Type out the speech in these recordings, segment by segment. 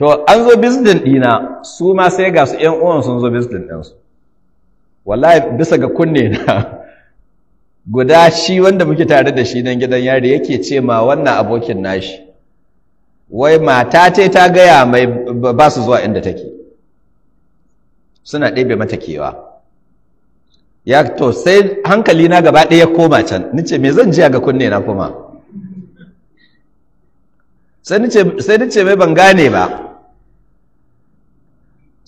to an zo bizdin ɗina su ma sai ga su ‘yan uwan sun zo bizdin ɗinsu wallahi bisa ga kunne na guda shi wanda muke tare da shi nan gidan yari yake ce ma wannan abokin nashi wai mata ce ta gaya mai ba su zuwa inda take suna ɗebe mata kewa ya to sai hankali na gaba ɗaya koma can nice me zan jiya ga kunne na kuma sai nice mai ban gane ba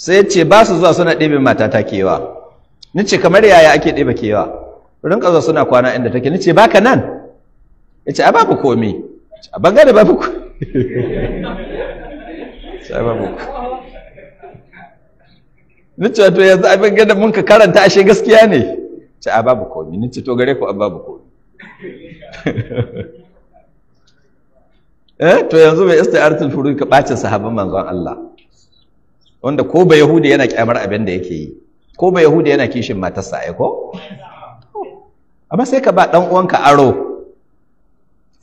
sai ce ba su zuwa suna ɗebe matata kewa ni ce kamar yaya ake ɗebe kewa rinka ƙazo suna kwana inda take ni ce ba ka nan ya ce a babu komi a bangare babu ku ni ce to yanzu a bangare mun ka karanta ashe gaskiya ne ce a babu komi ni ce to gare ku a babu komi eh to yanzu mai istiartul furu ka bacin sahabban manzon Allah wanda ko ba Yahuda yana kyamar abin da yake yi ko ba Yahuda yana kishin matarsa ai ko amma sai ka ba ɗan uwanka aro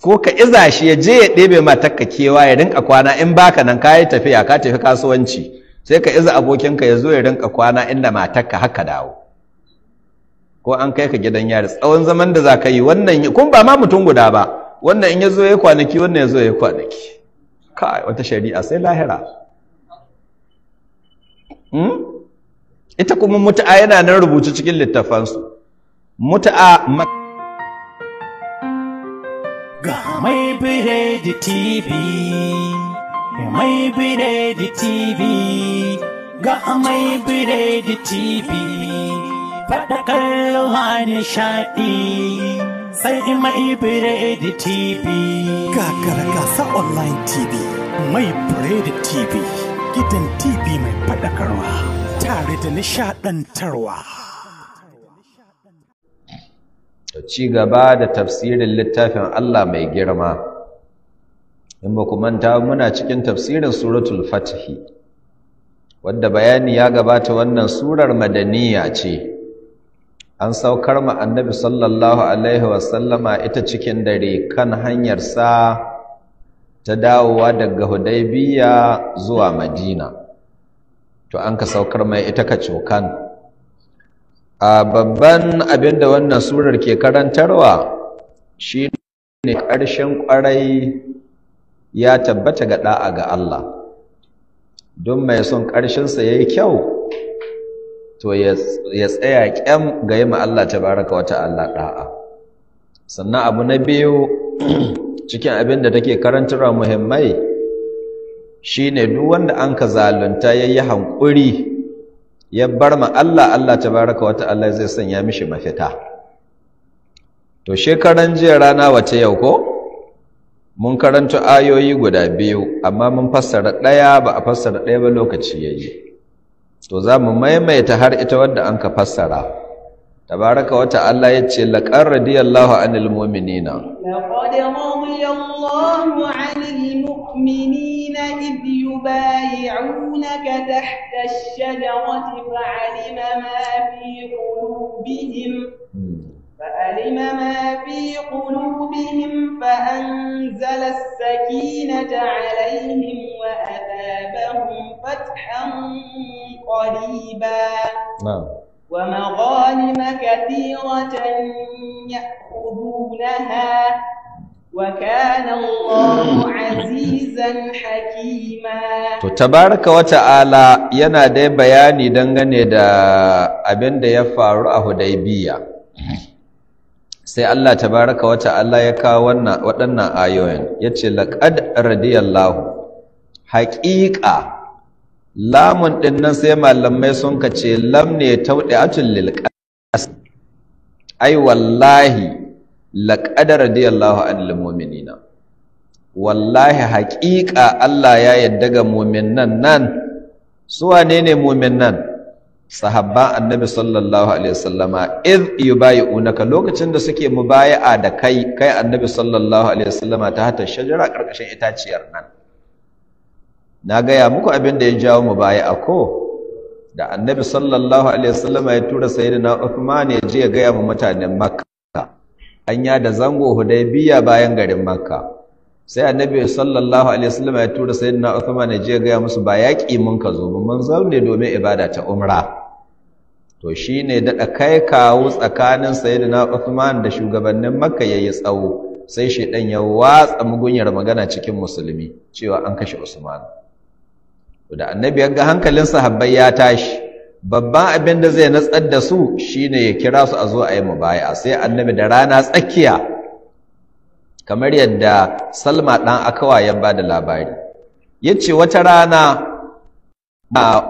ko ka iza shi ya je ya ɗebe matarka kewa ya rinka kwana in baka nan ka yi tafiya ka tafi kasuwanci sai ka iza abokinka ya zo ya rinka kwana inda matarka haka dawo ko an kai ka gidan yari tsawon zaman da za ka yi wannan kun ba ma mutum guda ba wannan in ya zo ya kwanaki wannan ya zo ya kwanaki kai wata shari'a sai lahira Hmm? ita kuma muta'a yana nan rubuce cikin littafansu mutu'a ga mai biredi tv mai biredi tv ga mai biredi tv faɗakar ruwa nishaɗi sai mai biredi tv gara gasa online tv mai biredi tv gidan TV mai faɗakarwa tare da nishaɗantarwa. Ci gaba da tafsirin littafin Allah mai girma, in ba ku manta muna cikin tafsirin suratul fatihi, wadda bayani ya gabata wannan surar madaniya ce, an saukar ma annabi sallallahu Alaihi wasallama ita cikin dare kan hanyar sa ta dawowa daga hudaibiya zuwa madina to an ka saukar mai ita ka cokan a babban abin da wannan surar ke karantarwa shi ne ƙarshen ƙwarai ya tabbata ga ɗa'a ga Allah don mai son ƙarshensa ya yi kyau to ya tsaya ƙyam ga yi ma Allah ta baraka wata Allah ɗa'a sannan abu na biyu cikin abin da take karantarwa muhimmai ne duk wanda an ka zalunta ya yi hankuri ya bar ma Allah Allah ta baraka wata Allah zai sanya mishi mafita to shekaran jiya rana wace yau ko mun karanta ayoyi guda biyu amma mun fassara ɗaya ba a fassara ɗaya ba lokaci yayi to za mu maimaita har ita wadda an ka fassara tabaraka wa ta'ala ce laqad radiyallahu anil mu'minina laqad radiyallahu anil mu'minina id yubay'unaka tahta ash-shajarati fa'alima ma fi qulubihim فألم ما في قلوبهم فأنزل السكينة عليهم وأثابهم فتحا قريبا نعم ومغانم كثيرة يأخذونها وكان الله عزيزا حكيما to tabaraka wata'ala yana dai bayani dangane da abin da ya faru a Hudaybiya sai Allah tabaraka wata'ala ya kawo wannan waɗannan ayoyin ya ce laƙad radiyallahu haƙiƙa lamun din nan sai malamai sun ka ce lam ne tauɗe atun lil ai wallahi laqad radiyallahu an mu'minina wallahi haƙiƙa Allah ya yadda ga mu'minan nan su wanene ne mu'minan sahabban annabi sallallahu alaihi wasallama iz yubayi'unaka lokacin da suke mubaya'a da kai kai annabi sallallahu alaihi wasallama ta hata shajara karkashin itaciyar nan na gaya muku abin da ya jawo mu baya a ko da annabi sallallahu alaihi wasallam ya tura sayyidina Uthman ya je ya gaya mu mutanen Makka anya da zango Hudaybiya bayan garin Makka sai annabi sallallahu alaihi wasallam ya tura sayyidina Uthman ya je ya gaya musu ba yaki mun ka zo mun zaune domin ibada ta umra to shine dada kai kawo tsakanin sayyidina Uthman da shugabannin Makka yayi tsawo sai shedan ya watsa mugunyar magana cikin musulmi cewa an kashe Usman da annabi ya ga hankalin sahabbai ya tashi babban abin da zai natsar da su shine ya kira su a zo a yi mubaya sai annabi da rana tsakiya kamar yadda salma ɗan akawa ya ba da labari ya ce wata rana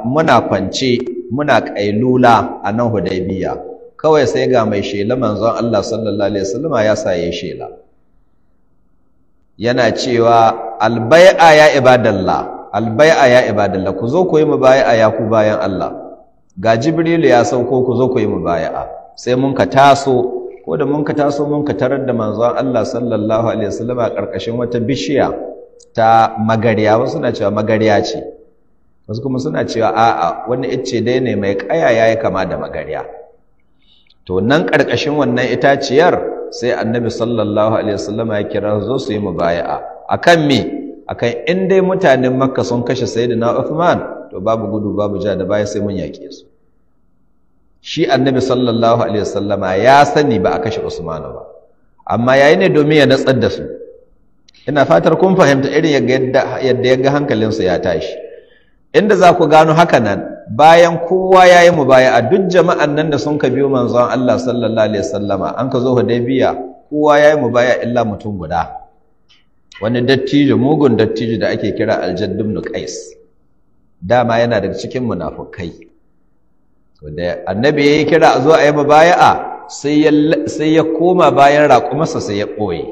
muna kwance muna ƙailula a nan hudaybiya kawai sai ga mai shela manzon allah sallallahu alaihi wasallam ya saye shela yana cewa albai'a ya ibadallah albai'a ya ibadallah ku zo ku yi mubaya'a ya ku bayan Allah ga jibrilu ya sauko ku zo ku yi mubaya'a sai mun ka taso ko da mun ka taso mun ka tarar da manzon Allah sallallahu alaihi wasallam a karkashin wata bishiya ta magarya wasu na cewa magarya ce wasu kuma suna cewa a'a wani icce dai ne mai kaya yayi kama da magarya to nan karkashin wannan itaciyar sai annabi sallallahu alaihi wasallam ya kira zo su yi A akan me akan in dai mutanen makka sun kashe sayyidina Uthman to babu gudu babu ja da baya sai mun yake su shi annabi sallallahu alaihi wasallama ya sani ba a kashe Usman ba amma yayi ne domin ya natsar da su ina fatar kun fahimta irin yadda yadda yaga su ya tashi inda za ku gano haka nan bayan kowa yayi mubaya'a duk jama'an nan da sun ka biyo manzon Allah sallallahu alaihi wasallama an ka zo Hudaybiya kowa yayi mubaya'a illa mutum guda wani dattijo mugun dattijo da ake kira aljadd ibn dama yana daga cikin munafukai wanda annabi yayi kira a zo a yi mubaya'a sai ya sai ya koma bayan raƙumarsa sai ya ɓoye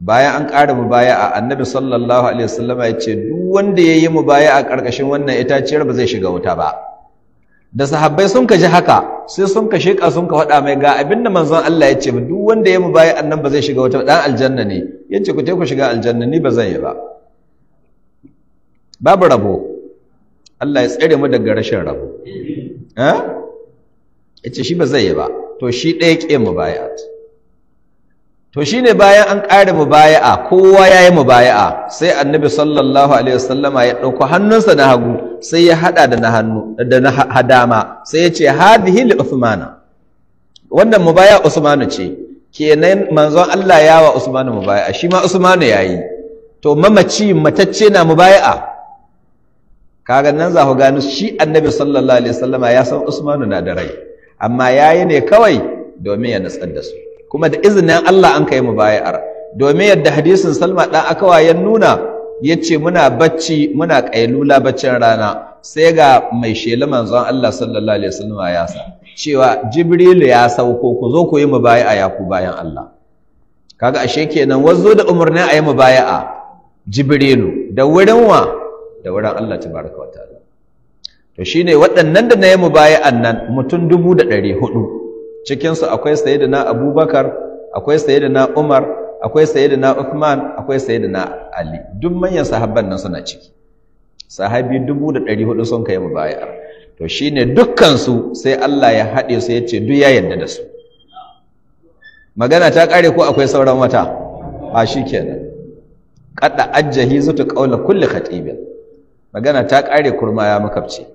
bayan an ƙara mubaya'a annabi sallallahu alaihi wasallama ya ce duk wanda ya yi mubaya'a ƙarƙashin wannan itaciyar ba zai shiga wuta ba da sahabbai sun kaji haka sai sun ka sun ka faɗa mai ga abin da manzon Allah ya ce ba duk wanda ya mu bayi annan ba zai shiga wata dan aljanna ne yace ku je ku shiga aljanna ni ba zan yi ba babu rabo Allah ya tsare mu daga rashin rabo eh yace shi ba zai yi ba to shi ɗaya ke mu bayat to shi ne bayan an ƙara mubaya'a kowa ya yi mubaya'a sai annabi sallallahu alaihi wasallama ya ɗauko hannunsa na hagu sai ya haɗa da na hannu da na hadama sai ya ce hadhihi li usmana wannan baya usmanu ce kenan manzon Allah ya wa mu mubaya'a shi ma ya yayi to mamaci matacce na mubaya'a kaga nan za ku gani shi annabi sallallahu alaihi wasallama ya san usmanu na da rai amma yayi ne kawai domin ya natsar da su kuma da izinin Allah an kai mu bayar domin yadda hadisin Salma dan akawa ya nuna yace muna bacci muna kailula baccin rana sai ga mai shela manzon Allah sallallahu alaihi wasallam ya sa cewa jibril ya sauko ku zo ku yi mu ya ku bayan Allah kaga ashe kenan wazo da umarnin ayi mu baya'a Jibrilu da wurin wa da wurin Allah tabaraka wa ta'ala to shine waɗannan da na yi mu bayar nan mutum dubu da ɗari hudu cikinsu akwai sayyidina abubakar akwai sayyidina umar akwai sayyidina uthman akwai sayyidina ali duk manyan sahabban nan suna ciki sahabi 1400 sun kai mubayar to shine dukkan su sai Allah ya hade su yace duk ya yarda da su magana ta kare ko akwai sauran wata Ba shi kenan. kada ajjahi zutu kaula kulli khatibin magana ta kare kurma ya makabce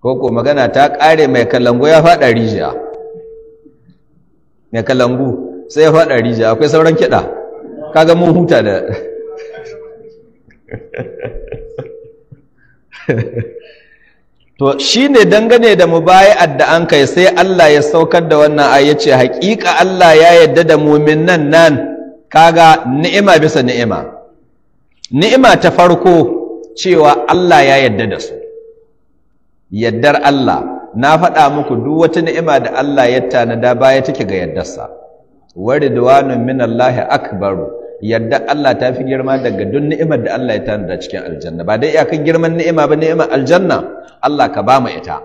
ko ko magana ta kare mai kallango ya fada rijiya mai kalangu sai ya faɗa rija akwai sauran kiɗa kaga mun huta da to shi ne dangane da mubayi'ar da an kai sai Allah ya saukar da wannan aya ce haƙiƙa Allah ya yadda da mu'minan nan kaga ni'ima bisa ni'ima ni'ima ta farko cewa Allah ya yadda da su yaddar Allah na faɗa muku duk wata ni'ima da Allah ya tanada baya take ga yaddarsa wa minallahi akbaru yadda Allah ta fi girma daga duk ni'imar da Allah ya tanada cikin aljanna ba dai iyakan girman ni'ima ba ni'imar aljanna Allah ka ba mu ita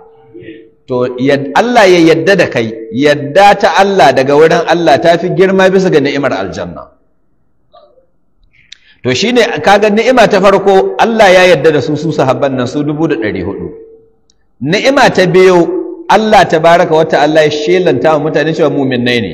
to Allah ya yadda da kai yadda ta Allah daga wurin Allah ta fi girma bisa ga ni'imar aljanna to shine kaga ni'ima ta farko Allah ya yadda da su su sahabban nan su hudu ni'ima ta biyo Allah tabaraka wa ta'ala ya shelanta wa mutane cewa mu'minnai ne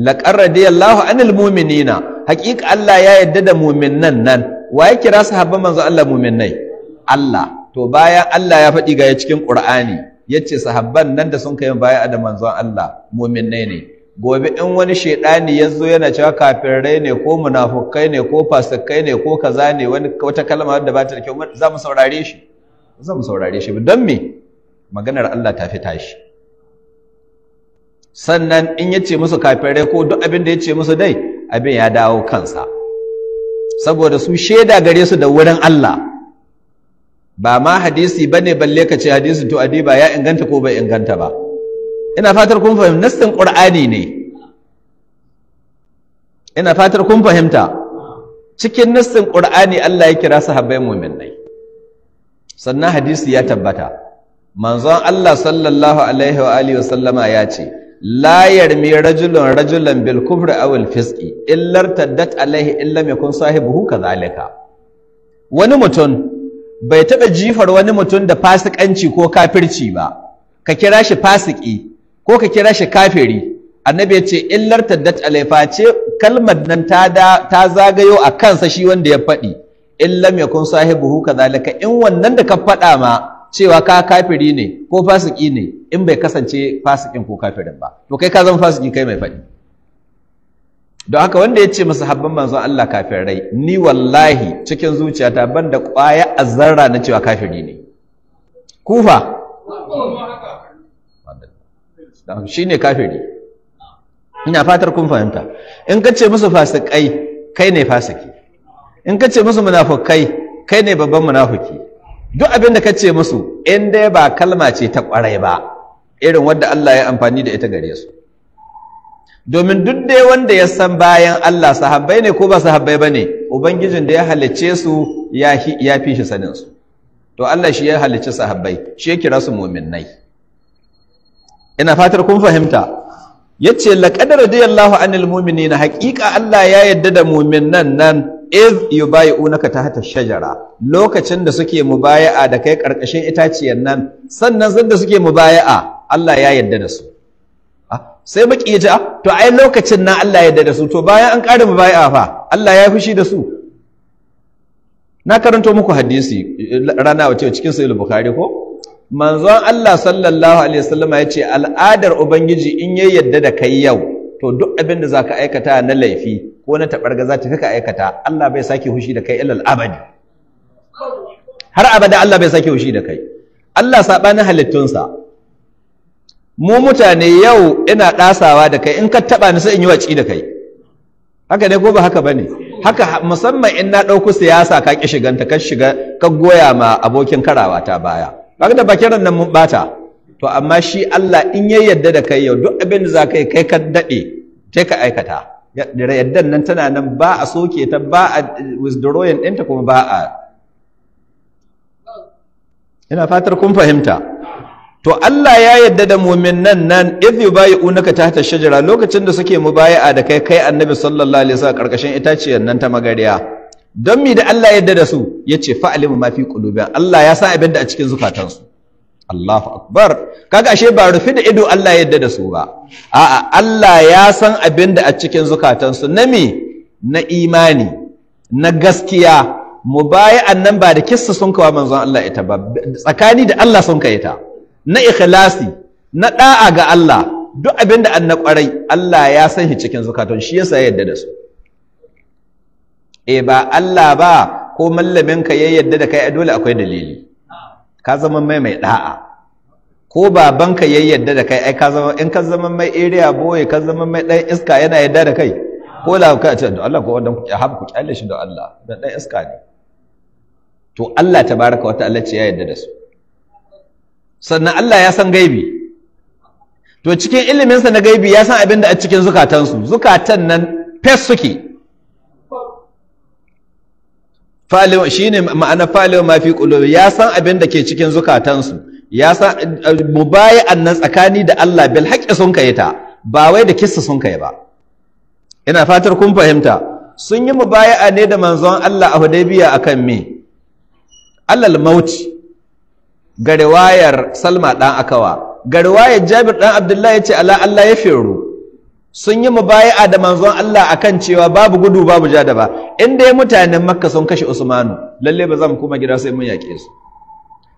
laqad radiyallahu anil mu'minina haqiqa Allah ya yadda da mu'minnan nan wa ya kira sahabban manzo Allah mu'minnai Allah to bayan Allah ya faɗi ga ya cikin Qur'ani yace sahabban nan da sun kai baya da manzon Allah mu'minnai ne gobe in wani shaidani ya zo yana cewa kafirai ne ko munafukai ne ko fasikai ne ko kaza ne wani wata kalma wadda ba ta da kyau za mu saurare shi zan saurare shi don me maganar Allah ta fi tashi sannan in ya ce musu kafirai ko duk abin da ya ce musu dai abin ya dawo kansa saboda su shaida gare su da wurin Allah ba ma hadisi ba ne balle ka ce hadisi to adiba ya inganta ko bai inganta ba ina fatar kun fahimta nassin qur'ani ne ina fatar kun fahimta cikin nassin qur'ani Allah ya kira sahabbai mu'minai sannan hadisi ya tabbata manzon Allah sallallahu alaihi wa alihi wasallama ya ce la yarmi rajulun rajulan bil kufri aw al illar taddat alaihi illa yakun sahibuhu kadhalika wani mutum bai taɓa jifar wani mutum da fasikanci ko kafirci ba ka kira shi fasiki ko ka kira shi kafiri annabi ya ce illar taddat alaifa ce kalmar nan ta zagayo a kansa shi wanda ya faɗi in lam yakun sahibuhu kadhalika in wannan da ka faɗa ma cewa ka kafiri ne ko fasiki ne in bai kasance fasikin ko kafirin ba to kai ka zama fasiki kai mai faɗi don haka wanda ya ce habban manzon Allah kafirai ni wallahi cikin zuciyata ban da ƙwaya a zarra na cewa kafiri ne kufa shi ne kafiri ina fatar kun fahimta in ka ce musu fasikai kai ne fasiki in ka ce musu munafukai kai ne babban munafuki duk abin da ka ce musu in dai ba kalma ce ta kwarai ba irin wadda Allah ya amfani da ita gare su domin duk dai wanda ya san bayan Allah sahabbai ne ko ba sahabbai ba ne ubangijin da ya halicce su ya fi shi sanin su to Allah shi ya halice sahabbai shi ya kira su mu'minnai ina fatar kun fahimta yace laqad radiyallahu anil mu'minina haqiqa Allah ya yadda da mu'minnan nan iz yubayi'unaka tahta shajara lokacin da suke mubaya'a da kai karkashin itaciyar nan sannan sun da suke mubaya'a Allah ya yarda da su sai baki ta to ai lokacin nan Allah ya yarda da su to bayan an ƙara mubaya'a fa Allah ya fushi da su na karanto muku hadisi rana wace cikin sahih bukhari ko manzon Allah sallallahu alaihi wasallam ya ce al'adar ubangiji in ya yadda da kai yau to duk abin da zaka aikata na laifi ko na za ta fi ka aikata Allah bai sake hushi da kai illal abadi har abada Allah bai sake hushi da kai Allah sabanin halittunsa mu mutane yau ina ɗasawa da kai in ka taɓa ni sai in yi waci da kai haka ne ko ba haka bane haka musamman in na ɗauko siyasa ka ƙi shiganta ka shiga ka goya ma abokin karawa ta baya kaga da bakin nan mun bata to amma shi Allah in ya yarda da kai yau duk abin da za ka kai ka daɗe sai ka aikata yaddan nan tana nan ba a soke ta ba a withdrawing ɗinta kuma ba a ina fatar kun fahimta to Allah ya yadda da mumin nan nan if idh yubayi'unaka tahta shajara lokacin da suke mubaya'a da kai kai annabi sallallahu alaihi wasallam karkashin itaciyar nan ta magariya don mi da Allah yadda da su yace fa'alimu ma fi qulubi Allah ya sa abin da a cikin zukatansu Allahu akbar kaga ashe ba rufi da ido Allah yadda da su ba a'a Allah ya san abin da a cikin zukatansu na me na imani na gaskiya mubaya'an annan ba da kissa sun kawa manzon Allah ita ba tsakani da Allah sun kai ta na ikhlasi na da'a ga Allah duk abin da annan na kwarai Allah ya san shi cikin zukatun shi yasa yadda da su eh ba Allah ba ko mallamin ka ya yadda da kai dole akwai dalili ka zama mai mai da'a ko babanka ya yadda da kai ai ka zama in ka zama mai area boy ka zama mai dan iska yana yadda da kai ko la ka ce da Allah ko wannan ya habu ku kyalle shi da Allah dan dan iska ne to Allah tabaraka wa ta'ala ce ya yadda da su sannan Allah ya san gaibi to cikin iliminsa na gaibi ya san abin da a cikin zukatansu zukatan nan fes suke shi shine ma'ana ma mafi qulubi ya san abin da ke cikin zukatansu ya sa eh, mubayi'an nan tsakani da Allah bil haqqi sun kai ta ba wai da kissa sun kai ba ina fatar kun fahimta sun yi mubayi'a ne da manzon Allah a Hudaybiya akan me alal mauti ga riwayar Salma dan Akawa ga riwayar Jabir dan Abdullahi yace ala Allah ya feru sun yi mubayi'a da manzon Allah akan cewa babu gudu babu jada ba in dai mutanen Makka sun kashe Usmanu lalle ba zan kuma gida sai mun yake su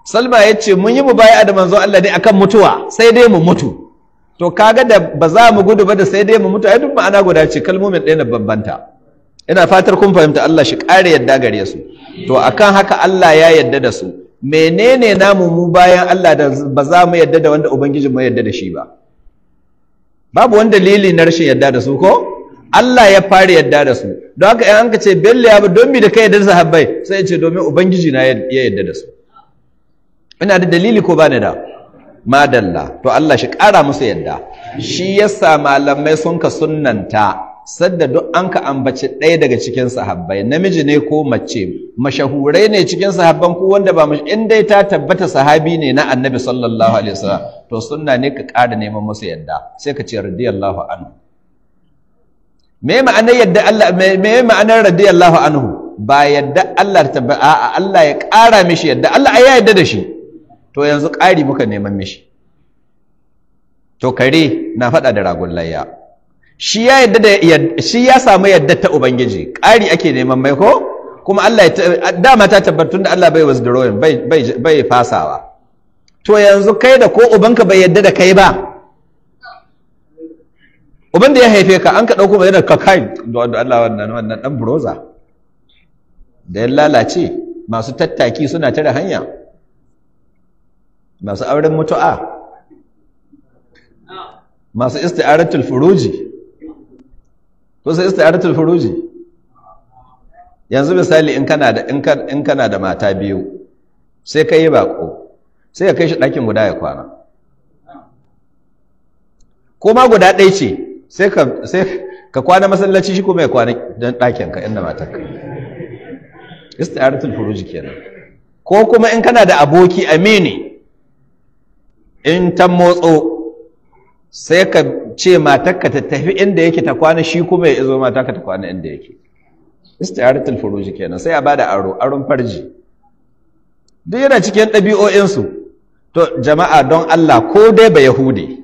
salma ya ce mun yi mu baya da manzon Allah ne akan mutuwa sai dai mu mutu to kaga da ba za mu gudu ba da sai dai mu mutu ai duk ma'ana guda ce kalmomin ɗaya na babbanta ina fatar kun fahimta Allah shi ƙara yadda gare su to akan haka Allah ya yadda da su menene namu mu bayan Allah da ba za mu yadda da wanda ubangiji mu yadda da shi ba babu wani dalili na rashin yadda da su ko Allah ya fara yadda da su don haka in an ka ce bello ya ba don mi da kai yadda da sahabbai sai ya ce domin ubangiji na ya yadda da su ina da dalili ko bani da madalla to Allah shi ƙara musu yadda shi yasa malamai sun ka sunnanta sadda duk an ka ambaci ɗaya daga cikin sahabbai namiji ne ko mace mashahurai ne cikin sahabban ku wanda ba mashi in dai ta tabbata sahabi ne na annabi sallallahu alaihi wasallam to sunna ne ka ƙara neman musu yadda sai ka ce radiyallahu anhu me ma'anar yadda Allah me ma'anar radiyallahu anhu ba yadda Allah ta a'a Allah ya ƙara mishi yadda Allah ya yadda da shi to yanzu ƙari muka neman mishi to kare na faɗa da ragon layya shi ya yadda da shi ya samu yadda ta ubangiji ƙari ake neman mai ko kuma Allah ya dama ta tabbatun da Allah bai wasu bai bai bai fasawa to yanzu kai da ko ubanka bai yadda da kai ba uban da ya haife ka an ka ɗauko mai ka kakai da wanda Allah wannan wannan dan buroza da ya lalace masu tattaki suna tare hanya masu auren mutu'a masu isti'aratul furuji ko sai isti'aratul furuji yanzu misali in kana da in kana da mata biyu sai kai yi bako sai ka kai shi ɗakin guda ya kwana ko ma guda ɗaya ce sai ka sai ka kwana masallaci shi kuma ya kwana dan ɗakin ka inda ka isti'aratul furuji kenan ko kuma in kana da aboki amini in ta motso sai ka ce matakka ta tafi inda yake ta kwana shi kuma ya izo matakka ta kwana inda yake istiharatul furuji kenan sai a bada aro aron farji duk yana cikin ɗabi'o'insu to jama'a don Allah ko dai ba yahude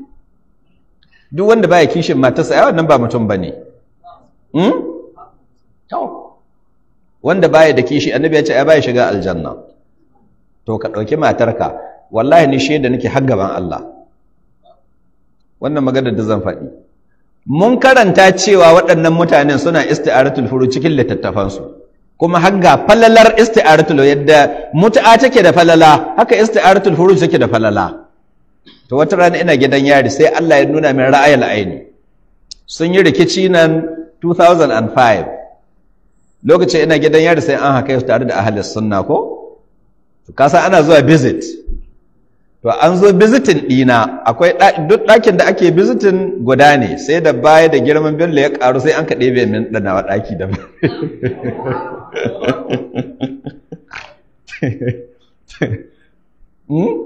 duk wanda baya kishin matarsa ai wannan ba mutum bane hmm? wanda baya da kishi annabi ya ce ai baya shiga aljanna to ka ɗauki matarka wallahi ni shaida nake har gaban Allah wannan magana da zan faɗi mun karanta cewa waɗannan mutanen suna isti'aratul furu cikin su kuma hanga falalar isti'aratul yadda mut'a take da falala haka isti'aratul furu take da falala to wata rana ina gidan yari sai Allah ya nuna min ra'ayil aini sun yi rikici nan 2005 lokacin ina gidan yari sai an haka tare da ahalin sunna ko kasa ana zuwa visit to an zo bizitin ɗina akwai duk ɗakin da ake bizitin guda ne sai da baya da girman bello ya ƙaru sai an ka ɗebe min ɗanawa ɗaki da hmm?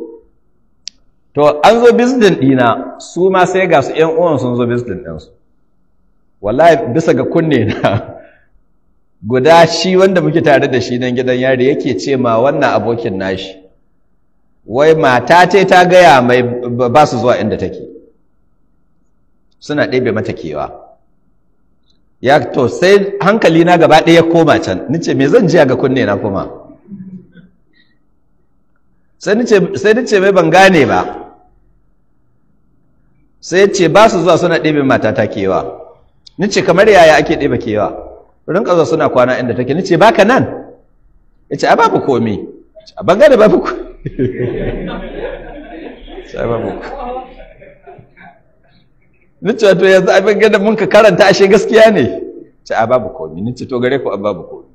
to an zo bizitin ɗina su ma sai ga su ‘yan uwan sun zo bizitin ɗinsu wallahi bisa ga kunne na guda shi wanda muke tare da shi nan gidan yari yake ce ma wannan abokin nashi wai mata ce ta gaya mai ba su zuwa inda take suna ɗebe mata kewa ya to sai hankali na gaba ɗaya koma can nice me zan jiya ga kunne na kuma sai nice mai ban gane ba sai ce ba su zuwa suna ɗebe mata ta kewa nice kamar yaya ake ɗebe kewa rin zuwa suna kwana inda take nice ka nan ya ce a babu komi a bangare babu komi saba muku nace to yanzu abin gadan mun ka karanta ashe gaskiya ne ce a babu komi nace to gare ku a babu komi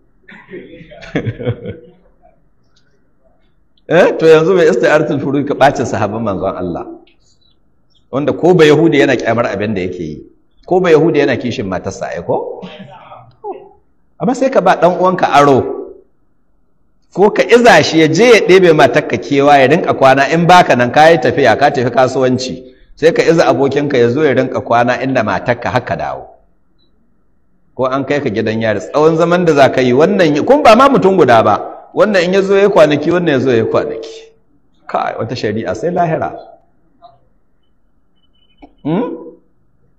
eh to yanzu mai isti'aratul furuj ka bacin sahabban manzon Allah wanda ko ba yahudi yana kyamar abin da yake yi ko ba yahudi yana kishin matarsa ai ko amma sai ka ba dan uwanka aro ko ka iza shi ya je ya ɗebe matakka kewa ya rinka kwana in baka nan ka yi tafiya ka tafi kasuwanci sai ka iza abokinka ya zo ya rinka kwana inda matakka haka dawo ko an kai ka gidan yari tsawon zaman da za ka yi wannan kun ba ma mutum guda ba wannan in ya zo ya kwanaki wannan ya zo ya kwanaki kai wata shari'a sai lahira hmm?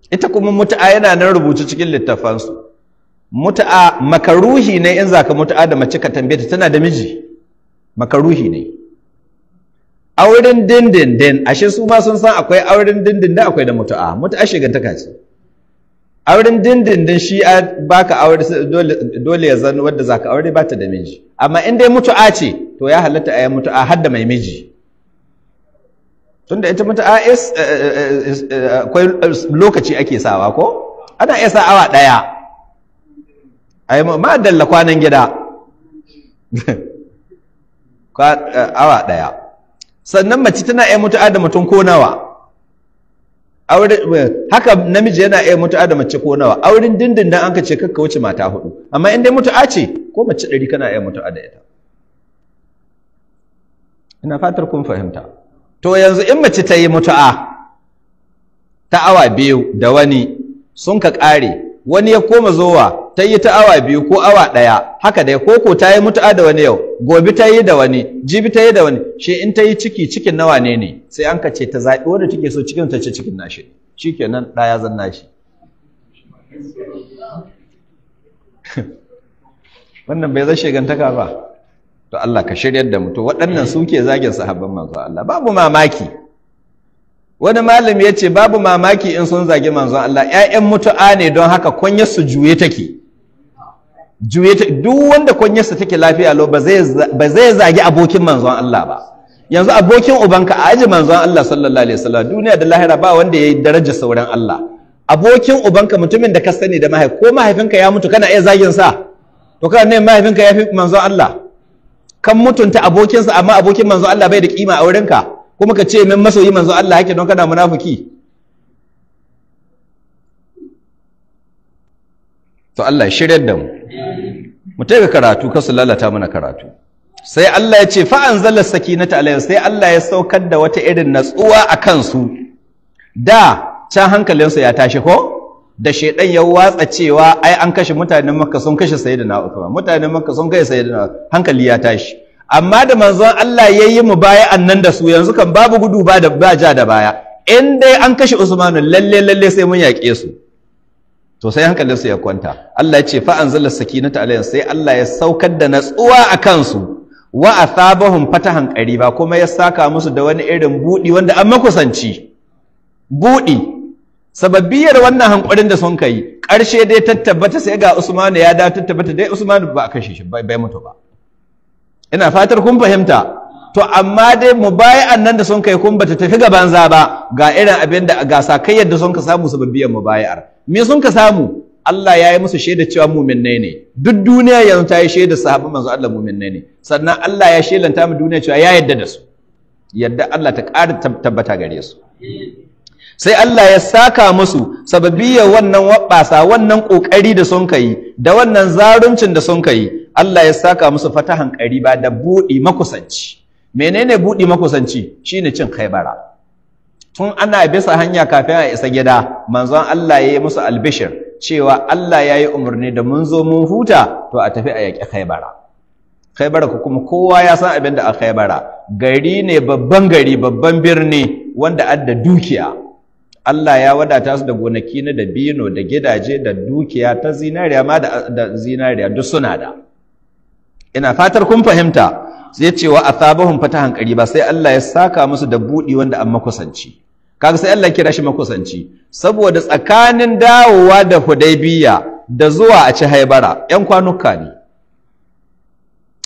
ita kuma mutu'a yana nan rubuce cikin littafansu mut'a makaruhi ne in zaka mut'a da mace ka tambaye ta tana da miji makaruhi ne auren dindindin ashe su ma sun san akwai auren dindindin akwai da mutu'a mutu'a shigantaka ce auren dindindin shi a baka aure dole ya zan wadda zaka aure ba ta da miji amma in dai mutu'a ce to ya halatta ayi mutu'a har da mai miji tunda ita mutu'a eh, eh, eh, akwai lokaci ake sawa ko ana iya sa awa ɗaya ai ma dalla kwanan gida eh, awa daya sannan mace tana iya mutu'a da mutum ko nawa haka namiji yana iya mutu'a da mace ko nawa dindin dindindin an ka ce kakka wuce mata hudu amma in dai mutu'a ce ko mace ɗari kana iya mutu'a da ita ina fatar kun fahimta to yanzu in mace ta yi mutu'a ta awa biyu da wani sun ka ƙare wani ya koma zowa ta yi ta awa biyu ko awa ɗaya haka dai koko ta yi mutu'a da wani yau gobe ta yi da wani jibi ta yi da wani shi in ta yi ciki cikin nawa ne ne sai an ka ce ta zaɓi wanda take so cikin ta ce cikin nashi nan ɗaya zan nashi wannan bai zai shigantaka ba to Allah ka shiryar da mutu. waɗannan suke zagin sahabban manzo Allah babu mamaki wani malami ya ce babu mamaki in sun zagi manzon Allah ‘ya'yan mutu'a ne don haka kwanyar su juye take juye duk wanda kunyarsa take lafiya lo ba zai zagi abokin manzon Allah ba yanzu abokin ubanka a aji manzon Allah sallallahu alaihi wasallam duniya da lahira ba wanda yayi daraja sauran Allah abokin ubanka mutumin da ka sani da mahaifi ko mahaifinka ya mutu kana iya zagin sa to kana ne mahaifinka ya fi manzon Allah kan mutunta abokinsa amma abokin manzon Allah bai da kima a wurinka kuma ka ce min masoyi manzon Allah yake don kana munafiki to Allah shiryar da mu mu taiga karatu su lalata mana karatu sai Allah ya ce fa'an Saki na alayhi sai Allah ya saukar da wata irin natsuwa a kansu da can hankalinsu ya tashi ko da shaidan ya watsa cewa ai an kashe mutanen makka sun kashe sayyidina Uthman mutanen makka sun kashe sayyidina hankali ya tashi amma da manzon Allah ya yi mu baya annan da su yanzu kan babu gudu ba da ba ja da baya in dai an kashe Usmanu lalle lalle sai mun yaƙe su to sai hankalinsu ya kwanta Allah ya ce fa anzala sakinata alayhim sai Allah ya saukar da natsuwa a kansu wa athabahum fatahan qariba kuma ya saka musu da wani irin budi wanda an makusanci budi sababbiyar wannan hankurin da sun kai ƙarshe dai tattabbata sai ga Usman ya da tattabbata dai Usman ba a kashe shi bai mutu ba ina fatar kun fahimta to amma dai mu bai nan da sun kai kun bata tafi gaban za ba ga irin abinda, da ga sakayyar da sun ka samu sababbiyar mubayar me sun ka samu Allah ya yi musu shaida cewa nai ne duk duniya yanzu ta yi shaida sahabban manzo Allah nai ne sannan Allah ya shelanta mu duniya cewa ya yadda da su yadda Allah ta ƙara tabbata gare su sai Allah ya saka musu ya wannan waɓasa wannan ƙoƙari da sun kai da wannan zaruncin da sun kai Allah ya saka musu fatahan kariba da buɗi makusanci menene buɗi makusanci shine cin khaibara tun ana bisa hanya kafin a isa gida manzon Allah ya yi musu albishir cewa Allah ya yi umarni da mun zo mun huta to a tafi a yaƙi khaibara khaibara ku kuma kowa ya san abin da a khaibara gari ne babban gari babban birni wanda adda dukiya Allah ya wadata su da gonaki na dabino da gidaje da dukiya ta zinariya ma da zinariya duk suna da ina fatar kun fahimta sai ce wa fata hankali ba sai Allah ya saka musu da budi wanda an makusanci kaga sai Allah kira shi makusanci saboda tsakanin dawowa da Hudaybiya da zuwa a ci Haibara yan kwanuka ne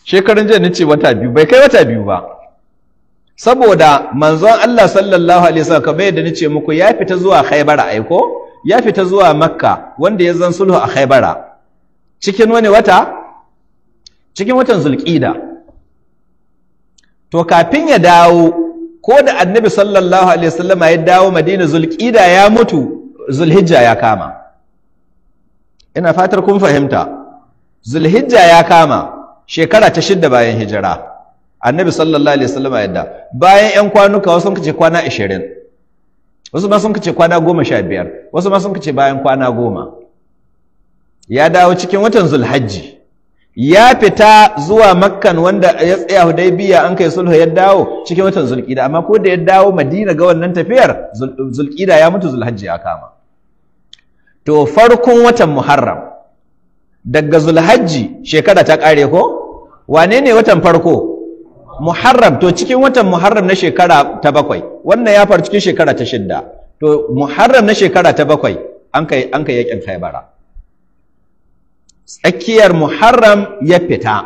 shekarun jiya nace wata biyu bai kai wata biyu ba saboda manzon Allah sallallahu alaihi wasallam kamar yadda nace muku ya fita zuwa Haibara aiko ya fita zuwa Makka wanda ya zan sulhu a Haibara cikin wani wata cikin watan zulƙida to kafin ya dawo ko da annabi sallallahu alaihi wasallam ya dawo madina zulƙida ya mutu zulhijja ya kama ina fatar kun fahimta zulhijja ya kama shekara ta shidda bayan hijira annabi sallallahu alaihi wasallam ya dawo bayan yan kwanuka wasu sun kace kwana 20 wasu ma sun kace kwana 15 wasu ma sun kace bayan kwana 10 ya dawo cikin watan zulhijja ya fita zuwa makkan wanda ya tsaya biya an kai sulhu ya dawo cikin watan zulqida amma ko da ya dawo madina ga wannan tafiyar zulqida ya mutu zulhajji ya kama to farkon watan muharram daga zulhajji shekara ta kare ko wane ne watan farko muharram to cikin watan muharram na shekara ta bakwai wannan ya faru cikin shekara ta shidda to muharram na shekara ta bakwai an kai an kai yakin khaybara tsakiyar muharram ya fita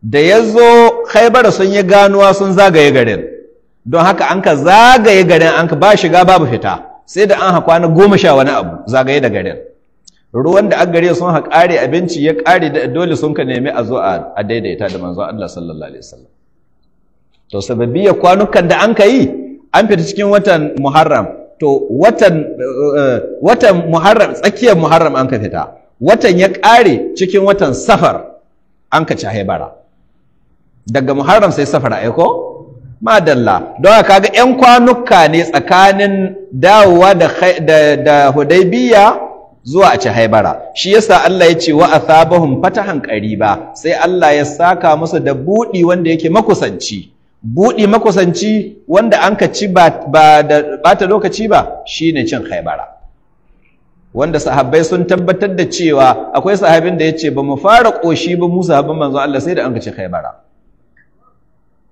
da ya zo khaibar sun yi ganuwa sun zagaye garin don haka an ka zagaye garin an ka ba shiga babu fita sai da an haƙwa na goma sha wani abu zagaye da garin ruwan da agare sun haƙare abinci ya ƙare da dole sun ka nemi a zo a daidaita da manzon Allah sallallahu alaihi wasallam to ya kwanukan da an ka yi an fita cikin watan muharram to watan eh, watan muharram tsakiyar muharram an ka fita watan ya ƙare cikin watan safar an ka cahe bara daga muharram sai safar aiko madalla don haka ga 'yan kwanuka ne tsakanin dawowa da hudaybiya zuwa a ci haibara. shi yasa Allah ya ce wa sabahun fatahan qariba sai Allah ya saka musu da buɗi wanda yake makusanci buɗi makusanci wanda an ka ci ba da bata lokaci ba shine cin haibara wanda sahabbai sun tabbatar da cewa akwai sahabin da ya ce ba mu fara ƙoshi ba mu sahabin manzo Allah sai da an kace Khaibara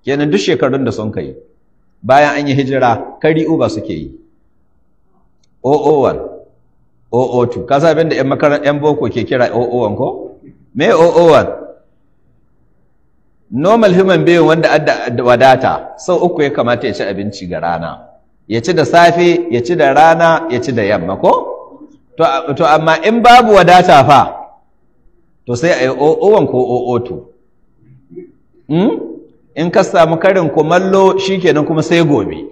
kenan duk shekarun da sun kai bayan an yi hijira kari uba suke yi OO 002 ka sabin da 'yan makarantar 'yan boko ke kira 001 ko me 001 normal human being wanda adda wadata sau uku ya kamata ya ci abinci ga rana ya ci da safe ya ci da rana ya ci da yamma ko to amma in babu wadata fa to sai a yi o'owan ko o'oto hmm? in ka samu karin kumallo shikenan kuma sai gobe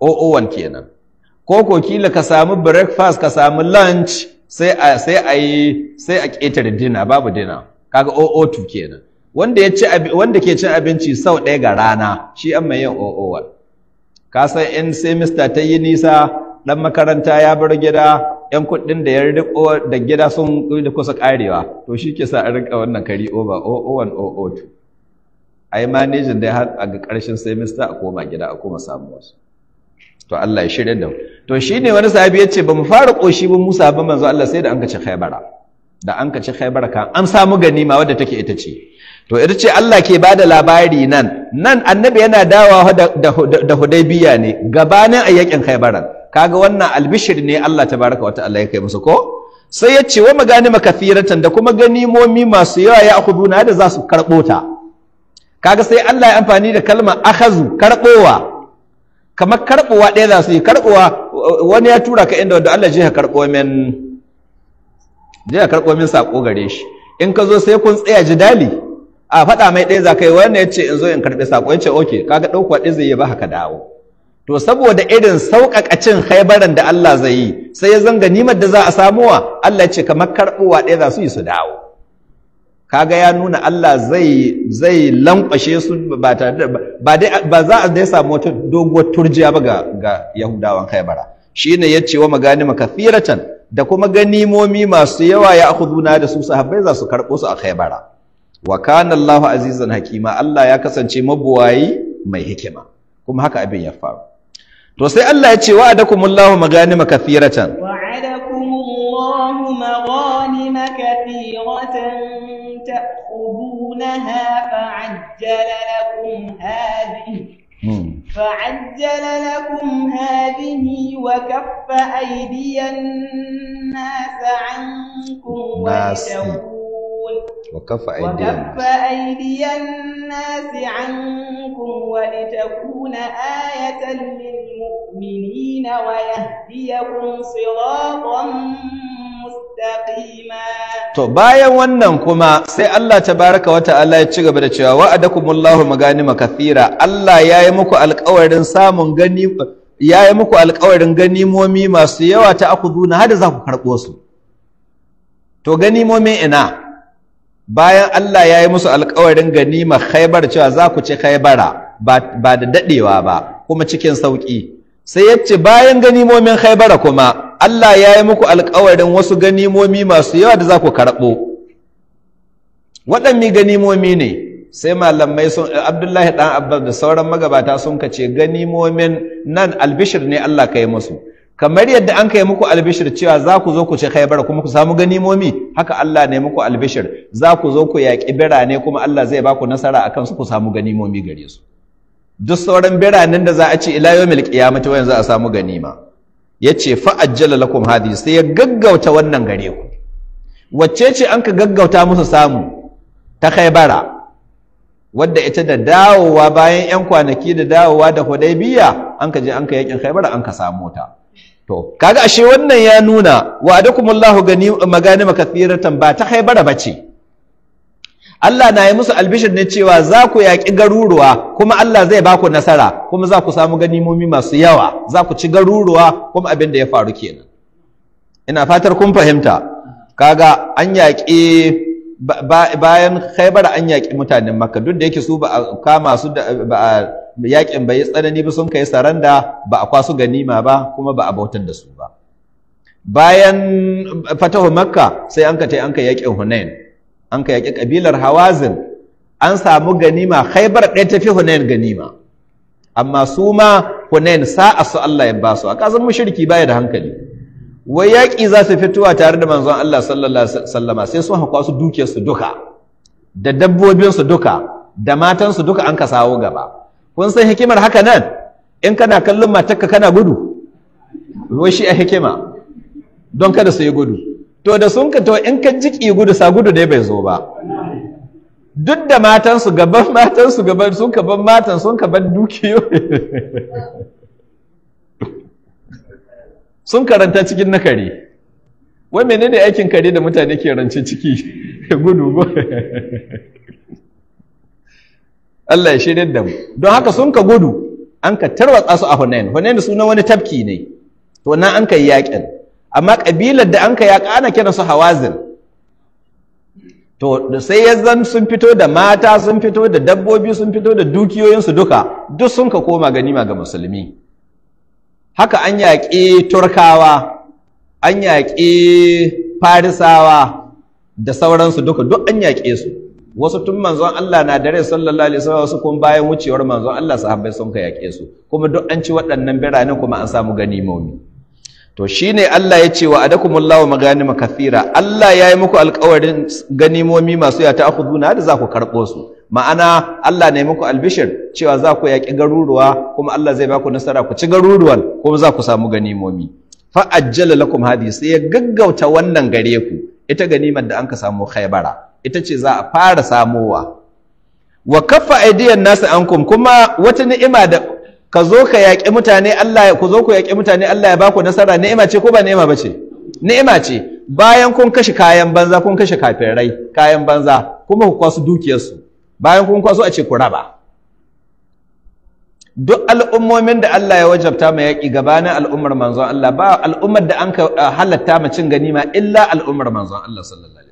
o'owan kenan ko ko kila ka samu breakfast ka samu lunch sai a yi sai a ƙetare dina babu dina kaga o'oto kenan wanda wanda ke cin abinci sau ɗaya ga rana shi an mai yin ka san in sai Mr. ta yi nisa ɗan makaranta ya bar gida 'yan kuɗin da ya riko da gida sun da kusa karewa to shi ke sa a riƙa wannan kari over 001 002 a yi manejin da har a ga ƙarshen Mista a koma gida a koma samu wasu to Allah ya shirya da to shi ne wani sabi ya ce ba mu fara ƙoshi ba musa ba manzo Allah sai da an ka ci khaibara da an ka ci khaibara kan an samu gani ma wadda take ita ce to ita ce Allah ke ba da labari nan nan annabi yana dawa da hudaybiya ne gabanin ayyakin khaibaran kaga wannan albishir ne Allah tabaraka wata ta'ala ya kai musu ko sai ya ce wa magani makathiratan da kuma ganimomi masu yawa ya akhuduna da za su karɓo ta kaga sai Allah ya amfani da kalma akhazu karɓowa kamar karɓowa ɗaya za su yi karɓowa wani ya tura ka inda wanda Allah ji ka karɓo min je ka karbo min sako gare shi in ka zo sai kun tsaya jidali a faɗa mai ɗaya za ka yi wannan ya ce in zo in karɓi sako ya ce okay kaga ɗaukuwa ɗaya zai yi ba haka dawo to saboda irin sauƙaƙa cin haibaran da Allah zai yi sai ya zanga nimar da za a samuwa Allah ce kamar karɓowa ɗaya za su yi su dawo kaga ya nuna Allah zai zai lankwashe su ba tare za a dai samu wata doguwar turjiya ba ga ga Yahudawan Khaybara shine ce wa maganima kathiratan da kuma ganimomi masu yawa ya akhuduna da su sahabbai za su karɓo su a haibara. wa kana Allah azizan hakima Allah ya kasance mabuwayi mai hikima kuma haka abin ya faru to sai Allah ya ce wa'adakumullahu maganima kathiratan wa'adakumullahu maganima kathiratan ta'khudunaha fa'ajjala lakum hadhihi فعجل لكم هذه nasa أيدي الناس عنكم ولتبوا وكف أيدي وكف أيدي الناس عنكم ولتكون آية للمؤمنين ويهديكم صراطا To bayan wannan kuma sai Allah ta baraka wata Allah ya ci gaba da cewa wa'adakumullahu maganima kathira Allah yayi muku alƙawarin samun gani yayi muku alƙawarin ganimomi masu yawa ta aku har da za ku karɓo su to ganimomin ina bayan Allah ya yi musu alkawarin ganima khaibar cewa za ku ci khaibara ba da daɗewa ba kuma cikin sauƙi sai ya ce bayan ganimomin khaibara kuma Allah ya yi muku alkawarin wasu ganimomi masu yawa da za ku karɓo waɗanne ganimomi ne sai malamai sun abdullahi ɗan abbas da sauran magabata sun kace ganimomin nan albishir ne Allah ka yi musu kamar yadda an kai muku albishir cewa za ku zo ku ci khaybar kuma ku samu ganimomi haka Allah ne muku albishir za ku zo ku yaƙi birane kuma Allah zai ba ku nasara akan su ku samu ganimomi gare su duk sauran biranen da za a ce ila yawmil qiyamati wayan za a samu ganima yace fa ajjala lakum hadi sai ya gaggauta wannan gare ku wacce ce an ka gaggauta musu samu ta khaybara wadda ita da dawowa bayan 'yan kwanaki da dawowa da hudaybiya an ka je an ka yakin khaybara an ka samu ta to kaga ashe wannan ya nuna wa adakumullahu gani magani makathiratan ba ta haibara bace Allah na yi musu albishir ne cewa za ku yaƙi garuruwa kuma Allah zai ba ku nasara kuma za ku samu ganimomi masu yawa za ku ci garuruwa kuma abin da ya faru kenan ina fatar kun fahimta kaga an yaƙi bayan khaibar an yaƙi mutanen makka duk da yake su ba a kama su yakin bai tsanani ba sun kai saranda ba a kwasu ganima ba kuma ba a bautar da su ba bayan fatahu makka sai an ka tai an ka yakin hunain an ka yaki kabilar hawazin an samu ganima haibar ɗaya tafi hunain ganima amma su ma hunain sa'a su Allah ya ba su a kasan mushriki baya da hankali wai yaƙi za su fitowa tare da manzon Allah sallallahu alaihi wasallama sai sun hakwa su dukiyarsu duka da dabbobinsu duka da matansu duka an ka sawo gaba kun san hikimar haka nan in kana kallon matarka kana gudu wai shi a hikima don kada su yi gudu to da sun ka to in ka jiki gudu sa gudu dai bai zo ba duk da matansu gaban matansu gaban sun ka ban matan sun ka ban dukiyo sun karanta cikin na kare wai menene aikin kare da mutane ke rance ciki gudu Allah ya shirin da mu don haka sun ka gudu an ka tarwatsa su a Hunain Hunain suna wani tafki ne to na an ka yi yaƙin amma ƙabilar da an ka yaƙa ana kiran su Hawazin to sai ya zan sun fito da mata sun fito da dabbobi sun fito da dukiyoyinsu duka duk sun ka koma ganima ga musulmi haka an yaƙi Turkawa an yaƙi Farisawa da sauransu duka duk an yaƙe su wasu tun manzon Allah na dare sallallahu alaihi wasallam wasu kuma bayan wucewar manzon Allah sahabbai sun ka yake su kuma duk an ci waɗannan birane kuma an samu ganimomi to shine Allah ya ce wa adakumullahu maganima kathira Allah ya yi muku alƙawarin ganimomi masu ya ta'khuduna da za ku karɓo su ma'ana Allah ne muku albishir cewa za ku yaƙi garuruwa kuma Allah zai baku ku nasara ku ci garuruwan kuma za ku samu ganimomi fa ajjala lakum hadhihi sai ya gaggauta wannan gare ku ita ganimar da anka samu khaybara ita ce za a fara samowa wa kafa aidiyan nasu ankum kuma wata ni'ima da ka zo ka yaƙi mutane Allah ku zo ku yaƙi mutane Allah ya baku nasara ni'ima ce ko ba ni'ima ba ce ni'ima ce bayan kun kashe kayan banza kun kashe kafirai kayan banza kuma ku kwasu dukiyarsu bayan kun kwaso a ce ku raba duk al'ummomin da Allah ya wajabta ma yaƙi gabanin al'ummar manzon Allah ba al'ummar da an halatta ma cin ganima illa al'ummar manzon Allah sallallahu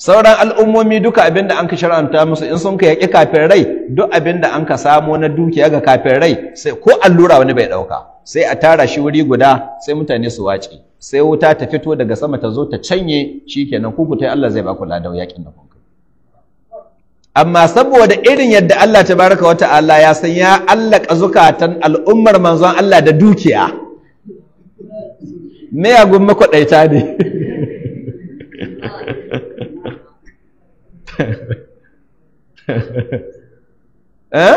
sauran al'ummomi duka abin da an ka shar'anta musu in sun ka yaƙi kafin rai duk abin da an ka samo na dukiya ga kafin rai sai ko allura wani bai ɗauka sai a tara shi wuri guda sai mutane su wace sai wuta ta fito daga sama ta zo ta canye shi kenan ku yi, Allah zai ba ku ladau yaƙin da kuka amma saboda irin yadda Allah Ta baraka wa ta'ala ya san ya allaka zukatan al'ummar manzon Allah da dukiya me ya gumma kwaɗaita ne Eh?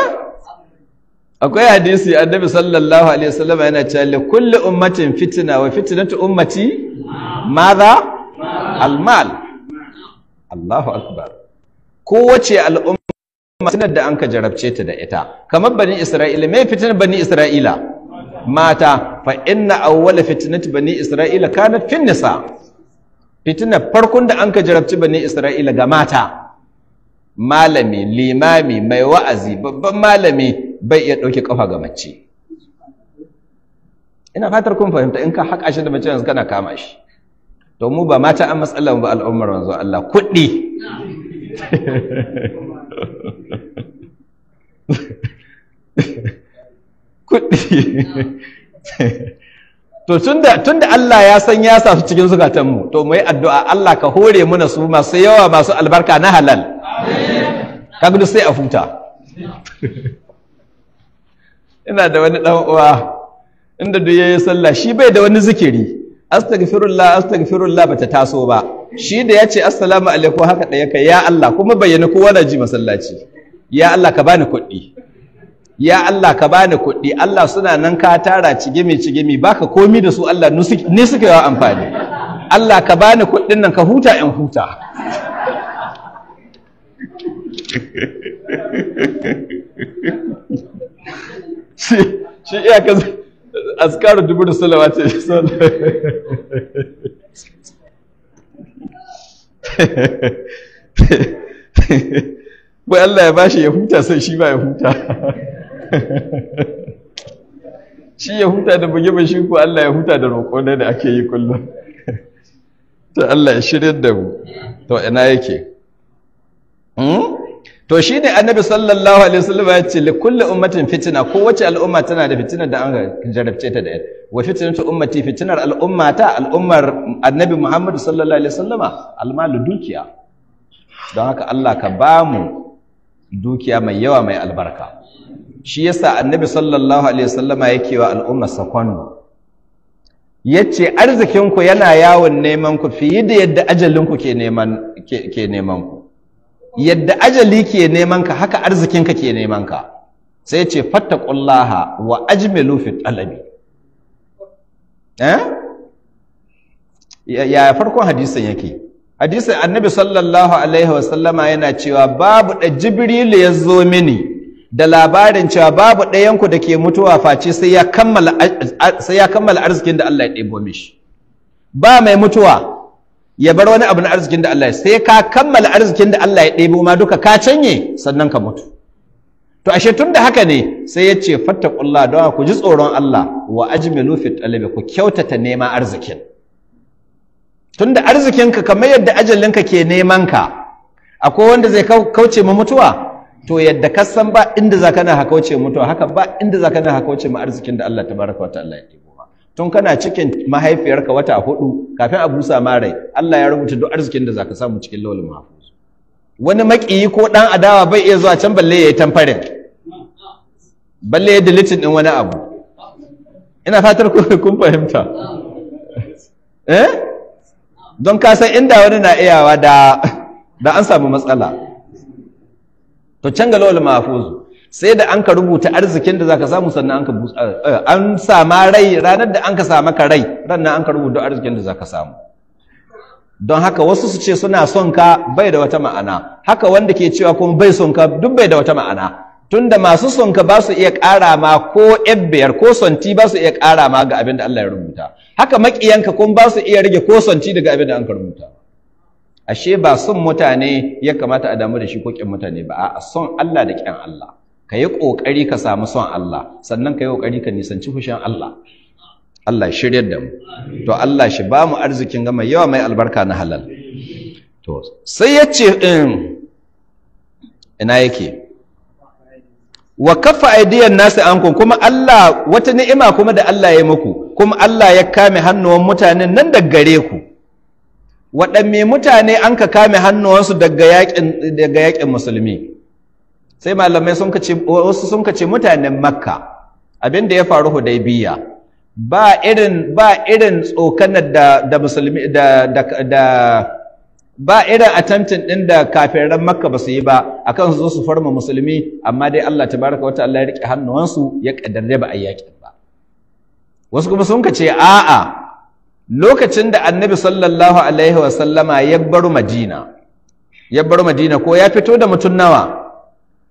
akwai hadisi annabi sallallahu alaihi wasallam yana cewa li kulli ummatin fitna wa fitnatu ummati madha almal Allahu akbar kowace al'umma tunar da anka jarabce ta da ita kamar bani isra'ila me fitnar bani isra'ila mata fa inna awwala fitnati bani isra'ila kanat fin nisa fitnar farkon da anka jarabci bani isra'ila ga mata malami limami mai wa'azi babban malami bai iya ɗauki ƙafa ga mace ina fatar kun fahimta in ka haƙa shi da mace yanzu kana kama shi to mu ba mata an matsala ba al'ummar wanzu Allah kuɗi kuɗi to tunda da Allah ya san ya sa cikin zukatanmu to mu yi addu'a Allah ka hore muna su masu yawa masu albarka na halal kaga duk sai a huta ina da wani dan uwa inda duk yayi sallah shi bai da wani zikiri astaghfirullah astaghfirullah bata taso ba shi da yace assalamu alaikum haka da yake ya Allah kuma bayyana kowa da ji masallaci ya Allah ka bani kuɗi ya Allah ka bani kuɗi Allah suna nan ka tara cigimi cigimi baka komi da su Allah ni suka yi amfani Allah ka bani kuɗin nan ka huta in huta shi shi iya ka askaru dubu da salawa ce shi bai Allah ya bashi ya huta sai shi ba ya huta shi ya huta da bugi bashi ko Allah ya huta da roƙo ne da ake yi kullum to Allah ya shirya da mu to ina yake hmm? to shi ne annabi sallallahu alaihi wasallam ya ce likulli ummatin fitina ko wace al'umma tana da fitinar da an jarabce ta da ita wa fitinatu ummati fitinar al'ummata al'ummar annabi Muhammad sallallahu alaihi wasallama almalu dukiya don haka Allah ka ba mu dukiya mai yawa mai albarka shi yasa annabi sallallahu alaihi wasallama yake wa al'umma sakwando yace arzikinku yana yawon neman ku fiye da yadda ajalinku ke neman ku yadda ajali ke neman ka haka arzikinka ke neman ka sai ce fattaqullaha wa ajmilu fi talabi eh ya farkon hadisin yake hadisin annabi sallallahu alaihi wasallama yana cewa babu da jibrilu ya zo mini da labarin cewa babu ɗayanku da ke mutuwa face sai ya kammala arzikin da Allah ya ɗebo mishi ba mai mutuwa ya bar wani abu na arzikin da Allah ya sai ka kammala arzikin da Allah ya ɗebo ma duka ka canye sannan ka mutu to ashe tun da haka ne sai ya ce fattakullah don ku ji tsoron Allah wa ajmilu fi talabi ku kyautata neman arzikin tun da arzikinka kamar yadda ajalin ka ke neman ka akwai wanda zai kauce ma mutuwa to yadda ka san ba inda zaka na kauce mutuwa haka ba inda zaka na kauce ma arzikin da Allah tabaraka wa ta'ala ya tun kana cikin mahaifiyarka wata hudu kafin a busa marai? Allah ya rubuta duk arzikin da zaka samu cikin lawal mahfuz wani makiyi ko dan adawa bai iya zuwa can balle ya yi tamfarin balle ya deleting din wani abu ina fatar kun fahimta eh don ka san inda wani na iyawa da da an samu matsala to can ga lawal sai da an ka rubuta arzikin da za ka samu sannan eh, eh, an ka an sama rai ranar da an ka sama ka rai ranar an ka rubuta arzikin da za ka samu don haka wasu su ce suna son ka bai da wata ma'ana haka wanda ke cewa kuma bai son ka duk bai da wata ma'ana tunda masu son ka ba su iya ƙara ma ko yan biyar ko santi ba su iya ƙara ma ga abin da Allah ya rubuta haka maƙiyanka kun ba su iya rage ko santi daga abin da an ka rubuta ashe ba son mutane ya kamata a damu da shi ko ƙin mutane ba a son Allah da ƙin Allah ka yi ƙoƙari ka samu son Allah sannan ka yi ƙoƙari ka nisanci fushin Allah Allah shiryar da mu to Allah shi ba mu arzikin gama yawa mai albarka na halal to sai ya ce ina yake wa kafa aidiyan nasu ankun kuma Allah wata ni'ima kuma da Allah ya muku kuma Allah ya kame hannuwan mutanen nan da gare ku waɗanne mutane an ka kame hannuwansu daga yaƙin musulmi sai malamai sun kace wasu sun kace mutanen makka abin da ya faru hudaybiya ba irin ba irin tsokanar da da musulmi da da ba irin attempting din da kafiran makka ba su yi ba akan su zo su farma musulmi amma dai Allah tabaraka wata Allah ya rike hannuwansu ya kaddare ba a ba wasu kuma sun kace a'a lokacin da annabi sallallahu alaihi wa sallama ya bar madina ya bar madina ko ya fito da mutum nawa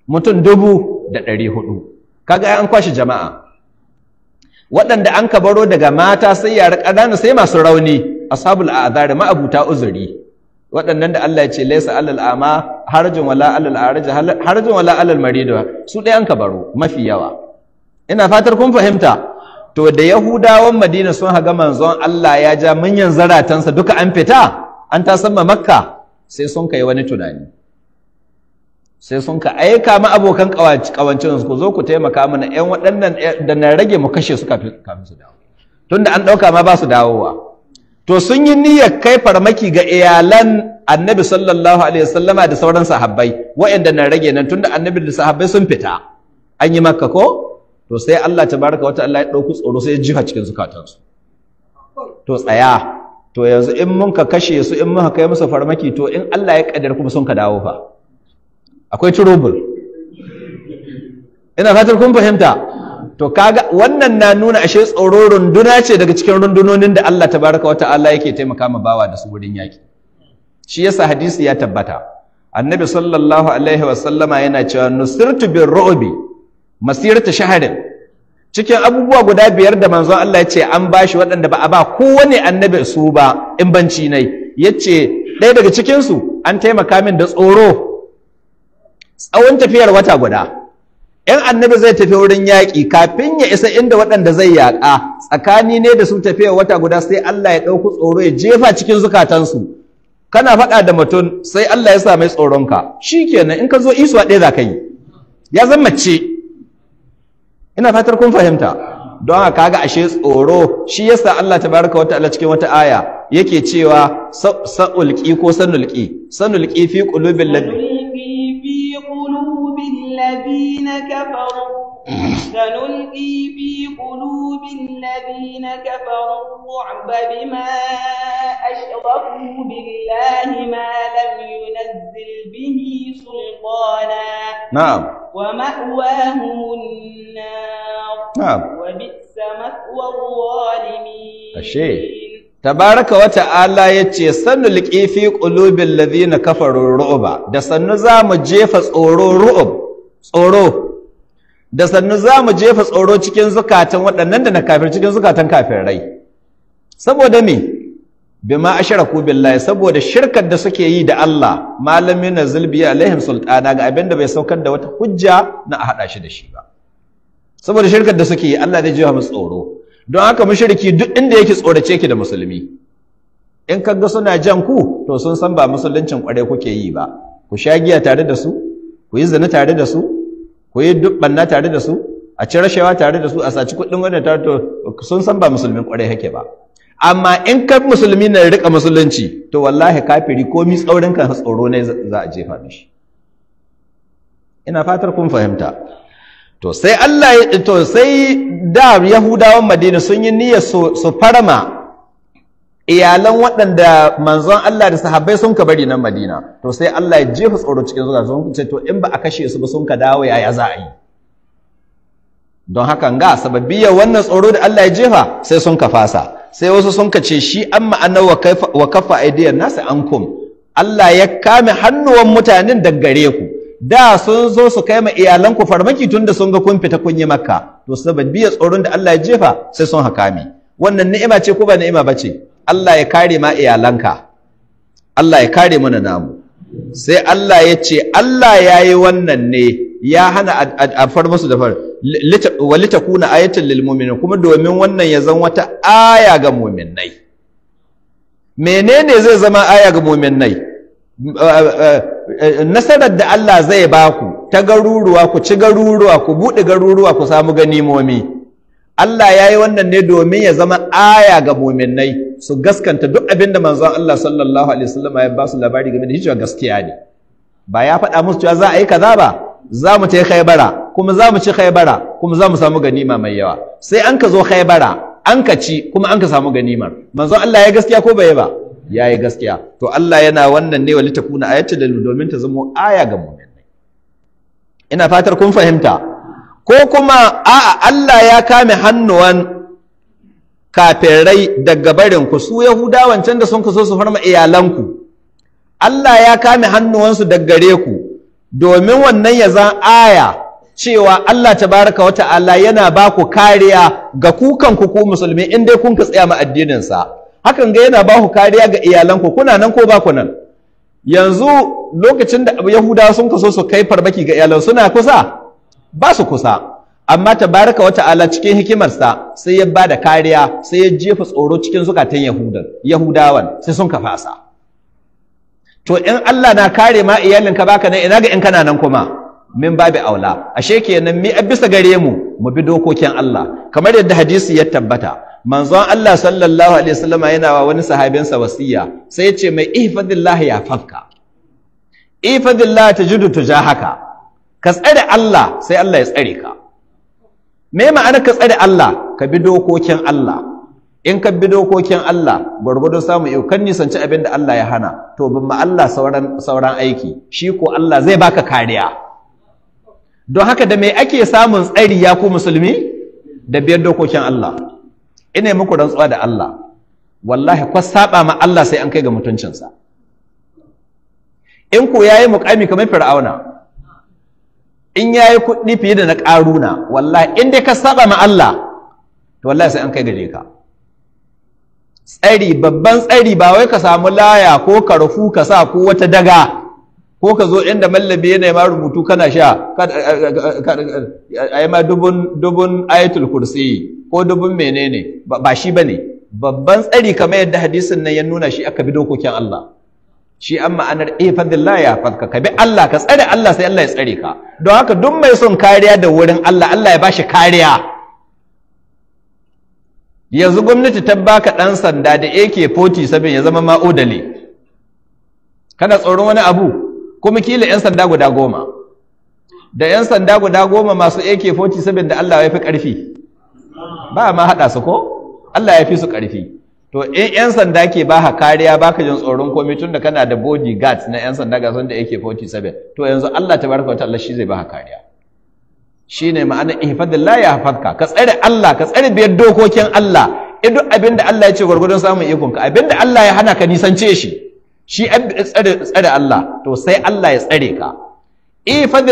mutum dubu da ɗari hudu kaga an kwashe jama'a waɗanda an ka baro daga mata sai yara ƙanana sai masu rauni ashabul a'zari ma'abuta uzuri waɗannan da Allah ya ce laisa alal ama harjun wala alal wala alal maridu su ɗaya an ka baro mafi yawa ina fatar kun fahimta to da yahudawan madina sun haga manzon Allah ya ja manyan zaratansa duka an fita an tasamma makka sai sun kai wani tunani sai sun ka aika ma abokan kawancin su ku zo ku taimaka mana ƴan waɗannan da na rage mu kashe su kafin su dawo tunda an ɗauka ma ba su dawowa to sun yi niyyar kai farmaki ga iyalan annabi sallallahu alaihi wasallama da sauran sahabbai waɗanda na rage nan tunda annabi da sahabbai sun fita an yi makka ko to sai Allah tabaraka wata Allah ya ɗauki tsoro sai ya jiha cikin zukatansu to tsaya to yanzu in mun ka kashe su in ka kai musu farmaki to in Allah ya kaddara kuma sun ka dawo fa akwai turubul ina fatar kun fahimta to kaga wannan na nuna ashe tsoro runduna ce daga cikin rundunonin da Allah tabaraka wa ta'ala yake taimaka ma bawa da su wurin yaki shi yasa hadisi ya tabbata annabi sallallahu alaihi wa sallama yana cewa nusirtu bir ru'bi masirata shahadin cikin abubuwa guda biyar da manzon Allah ya ce an bashi waɗanda ba a ba kowane annabi su ba in banci nai yace ɗaya daga cikin su an taimaka min da tsoro tsawon tafiyar wata guda Yan annabi zai tafi wurin yaƙi kafin ya isa inda waɗanda zai yaƙa tsakani ne da su tafiyar wata guda sai Allah ya ɗauku tsoro ya jefa cikin zukatansu kana faɗa da mutum sai Allah ya sa mai tsoronka shikenan in ka zo isuwa ɗaya za ka yi ya zan mace ina fatar kun fahimta don haka kaga ashe tsoro shi yasa Allah tabaraka wa ta'ala cikin wata aya yake cewa sa'ulqi ko sanulqi sanulqi fi qulubil ladina الذين كفروا سنلقي في قلوب الذين كفروا الرعب بما أشركوا بالله ما لم ينزل به سلطانا نعم ومأواهم النار نعم وبئس مثوى الظالمين الشيء tabaraka wata'ala yace sannu liqi fi qulubil ladina kafaru ru'ba da sannu zamu jefa tsoro ru'ub tsoro da sannu za mu jefa tsoro cikin zukatan waɗannan da na kafir cikin zukatan kafirai saboda me bima ashraku billahi saboda shirkar da suke yi da Allah malamin nazil bi alaihim sultana ga abinda bai saukar da wata hujja na a hada shi da shi ba saboda shirkar da suke yi Allah zai jefa musu tsoro don haka mushriki duk inda yake tsorace ki da musulmi in ka ga suna jan ku to sun san ba musuluncin kware kuke yi ba ku sha giya tare da su ku yi zina tare da su ko yi duk banna tare da su a ci rashawa tare da su a saci kuɗin wannan tare da sun san ba musulmin kwarai hake ba amma in ka musulmi na rika musulunci to wallahi kafiri ko mi tsaurin kan tsoro ne za a jefa mishi ina fatar kun fahimta to sai Allah to sai da Yahudawan Madina sun yi niyyar su farama iyalan waɗanda manzon Allah da sahabbai sun ka bari nan Madina to sai Allah ya jefa tsoro cikin zuwa zuwa ce to in ba a kashe su ba sun ka dawo yaya za a yi don haka ga sababbiya wannan tsoro da Allah ya jefa sai sun ka fasa sai wasu sun ka ce shi an ma'ana wa kafa aidiyar nasu an kum Allah ya kame hannuwan mutanen da gare ku da sun zo su kai ma iyalan ku farmaki tunda sun ga kun fita kun yi makka to sababbiya tsoron da Allah ya jefa sai sun hakame wannan ni'ima ce ko ba ni'ima ba ce Allah ya kare ma iyalanka Allah ya kare mana namu sai Allah ya ce Allah ya yi wannan ne ya hana a far musu da far walita kuna ayatun lil kuma domin wannan ya zan wata aya ga mu'minai menene zai zama aya ga mu'minai nasarar da Allah zai baku ta garuruwa ku ci garuruwa ku buɗe garuruwa ku samu ganimomi Allah ya yi wannan ne domin ya zama aya ga mu'minai su gaskanta duk abin da manzon Allah sallallahu alaihi wasallam ya ba su labari game da hijira gaskiya ne ba ya faɗa musu cewa za a yi kaza ba za mu ta khaybara kuma za mu ci khaybara kuma za mu samu ganima mai yawa sai an ka zo khaybara an ka ci kuma an ka samu ganimar manzon Allah ya gaskiya ko bai ba ya yi gaskiya to Allah yana wannan ne walita kuna ayatul da domin ta zama aya ga mu'minai ina fatar kun fahimta ko kuma a'a Allah ya kame hannuwan kafirai daga barinku su yahudawan can da sun kaso su farma iyalanku Allah ya kame hannuwansu daga gare ku domin wannan ya zan aya cewa Allah tabaraka Allah yana ba ku kariya ga kukan ku ku musulmi in dai kun ka tsaya ma addinin sa hakan ga yana ba ku kariya ga iyalanku kuna nan ko ba ku nan yanzu lokacin da yahudawa sun kaso su kai farbaki ga iyalan suna kusa ba su kusa amma wata ala cikin hikimarsa sai ya bada kariya sai ya jefa tsoro cikin zukatan yahudan yahudawan sai sun fasa. to in Allah na kare ma iyalin ka baka nan ina ga in kana nan kuma min babi aula ashe kenan mi bisa gare mu mu bi dokokin Allah kamar yadda hadisi ya tabbata manzon Allah sallallahu alaihi wasallama yana wa wani sahabinsa wasiya sai ya ce mai ihfadillah ya fafka ihfadillah tajidu tujahaka ka tsare Allah sai Allah ya tsare ka me ma'ana ka tsare Allah ka bi dokokin Allah in ka bi dokokin Allah gwargwadon samu iko kan nisanci abin da Allah ya hana to bin ma sauran aiki shi ko Allah zai baka kariya don haka da me ake samun tsari ya ku musulmi da biyan dokokin Allah ina muku rantsuwa da Allah wallahi kwa saba ma Allah sai an kai ga mutuncinsa in ko yayi mukami kamar fir'auna in ya yi kuɗi fiye da na ƙaruna wallahi in dai ka saba ma Allah to wallahi sai an kai gare ka tsari babban tsari ba wai ka samu laya ko ka rufu ka sa ko wata daga ko ka zo inda mallabi yana ma rubutu kana sha a yi ma dubun ayatul kursi ko dubun menene ba shi ba ne babban tsari kamar yadda hadisin nan ya nuna shi aka bi dokokin Allah shi an ma'anar eh, dillah ya fadka ka bi Allah ka tsare Allah sai Allah ya tsare ka don haka duk mai son kariya da wurin Allah Allah ya bashi kariya yanzu gwamnati ta baka dan sanda da AK47 ya zama ma odale kana tsoron wani abu kuma kila yan sanda guda goma da yan sanda guda goma masu AK47 da Allah ya fi karfi ba ma hada su ko Allah ya fi su karfi to in eh, 'yan sanda ke ba ha kariya baka jin tsoron komai tunda kana da bodyguards na 'yan sanda ga sanda yake 47 to yanzu Allah tabaraka Wata Allah shi zai ba ha kariya ne ma'ana la ya hafadka ka tsare Allah ka tsare biyar dokokin Allah Idu abin da Allah ya ce gwargwadon samun ikon ka abin da Allah ya hana ka nisance shi shi tsare Allah to sai Allah ya tsare ka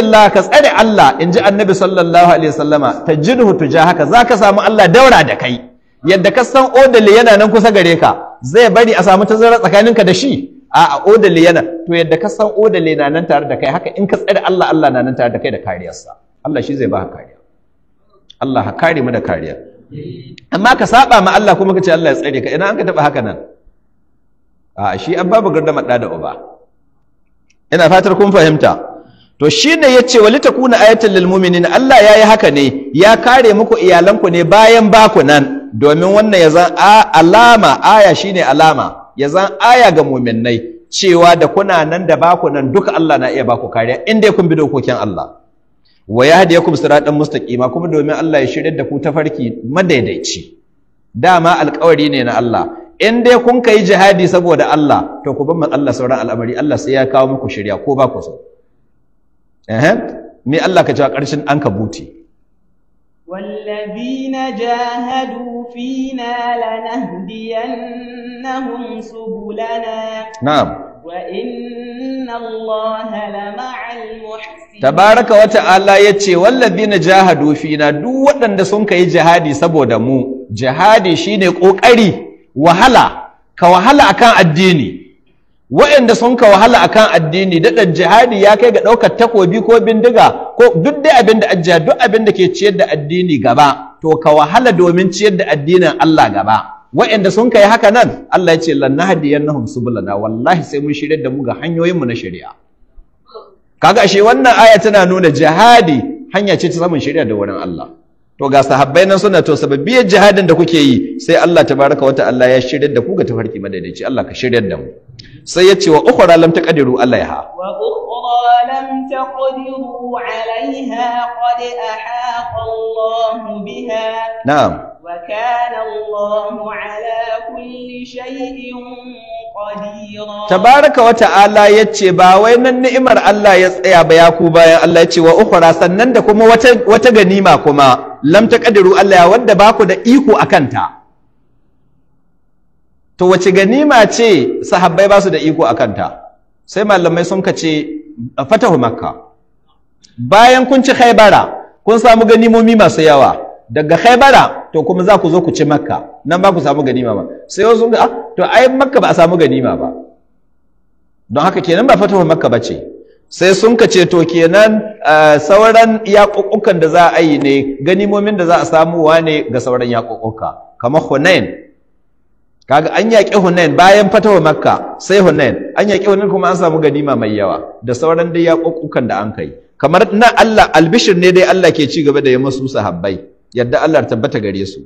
la ka tsare Allah in ji annabi sallallahu alaihi wasallama tajidhu tujahaka zaka samu Allah daura da kai yadda ka san odali yana nan kusa gare ka zai bari a samu tazara tsakaninka da shi a odali yana to yadda ka san odali na nan tare da kai haka in ka tsare Allah Allah na nan tare da kai da kariyarsa Allah shi zai ba kariya Allah ka kare mu da kariya amma ka saba ma Allah kuma ka ce Allah ya tsare ka ina an ka taba haka nan a shi an babu gardama da uba ina fatar kun fahimta to shine yace walitakuna ayatan lil mu'minin Allah yayi haka ne ya kare muku iyalanku ne bayan baku nan domin wannan ya zan alama aya shine alama ya zan aya ga muminai cewa da kuna nan da baku nan duka Allah na iya baku kariya in dai kun bi dokokin Allah wa yahdiyakum siratan mustaqima kuma domin Allah ya shirya da ku tafarki madaidaici dama alƙawari ne na Allah in dai kun kai jihadi saboda Allah to ku bar Allah sauran al'amari Allah sai ya kawo muku shirya ko ba ku so eh me Allah ka ce a ƙarshen an ka Wallabi والذين جاهدوا فينا لنهدينهم سبلنا نعم وإن الله لمع المحسنين na وتعالى يتي والذين waɗanda sun kai jihadi saboda mu jihadi shine kokari wahala ka wahala akan addini waɗanda sun ka wahala akan addini daɗa jihadi ya kai ga ɗaukar takobi ko bindiga ko duk dai abin da duk abinda ke ciyar da addini gaba to ka wahala domin ciyar da addinin Allah gaba wa'anda sun kai haka nan Allah ya ce lanahdiyannahum subulana wallahi sai mun shirya da mu ga hanyoyinmu na shari'a kaga ashe wannan aya tana nuna jihadi hanya ce ta samun shari'a da wurin Allah to ga sahabbai nan suna to sababbiyar jihadin da kuke yi sai Allah tabaraka wata Allah ya shirya da ku ga tafarki madaidaici Allah ka shirya da mu sai ya ce wa ukhra lam taqdiru alaiha wa ولم تقدروا عليها قد أحاط الله بها نعم وكان الله على كل شيء yace ba wai nan ni'imar Allah ya tsaya ba ya ku bayan Allah yace wa ukhra sannan da kuma wata ganima kuma lamta ƙadiru Allah wanda ba ku da iko a kanta, to wace ganima ce sahabbai ba su da iko a kanta sai malamai sun kace fatahu makka bayan kun ci khaybara kun samu ganimomi masu yawa daga khaybara to kuma za ku zo ku ci makka nan ba ku samu ganima ba sai wasu ga ah, to ai makka ba a samu ganima ba don haka kenan ba fatahu makka ba ce sai sun ka ce to kenan eh, sauran yaƙuƙukan da za a yi ne ganimomin da za a samu wa ne ga sauran yaƙuƙuka kamar hunain kaga an yaƙi Hunain bayan fatawa Makka sai Hunain an yaƙi Hunain kuma an samu ganima mai yawa da sauran dai yaƙuƙukan da an kai kamar na Allah albishir ne dai Allah ke ci gaba da ya masu sahabbai yadda Allah tabbata gare su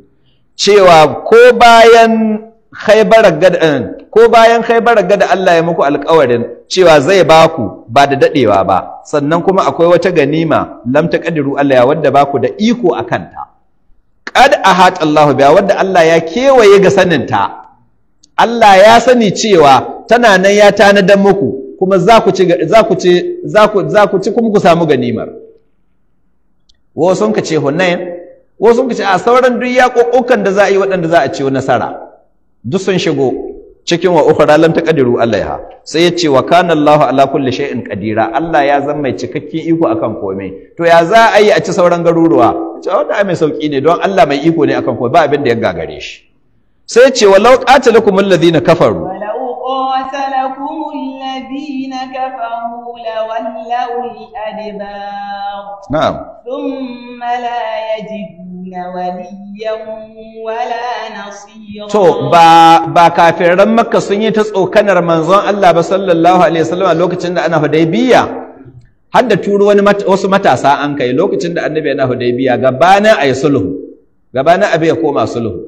cewa ko bayan khaibar gada eh, ko bayan khaibar Allah ya muku alƙawarin cewa zai baku ba da dadewa ba sannan kuma akwai wata ganima lam taqdiru Allah ya wadda baku da iko akan ta qad ahat Allahu biya wadda Allah ya kewaye ga sanin Allah ya sani cewa tana nan ya tanadan muku kuma za ku ci za ku ci za ku za ku ci kuma ku samu ganimar wasu sun ka ce sun ka ce a sauran duk kokokan da za a yi waɗanda za a ciwo nasara duk sun shigo cikin wa ukhra lam taqdiru ya sai ya ce wa kana Allah ala kulli shay'in qadira Allah ya zama mai cikakken iko akan komai to ya za a yi a ci sauran garuruwa to wanda mai sauki ne don Allah mai iko ne akan komai ba abin da ya gagare shi sai ce walau qatalakum alladhina kafaru walau qatalakum alladhina kafaru na'am wala to ba ba kafiran makka sun yi ta tsokanar manzon Allah ba sallallahu alaihi wasallam a lokacin da ana hudaybiya har da turu wani wasu matasa an kai lokacin da annabi yana hudaybiya gabanin ayi sulhu gabanin abin ya koma sulhu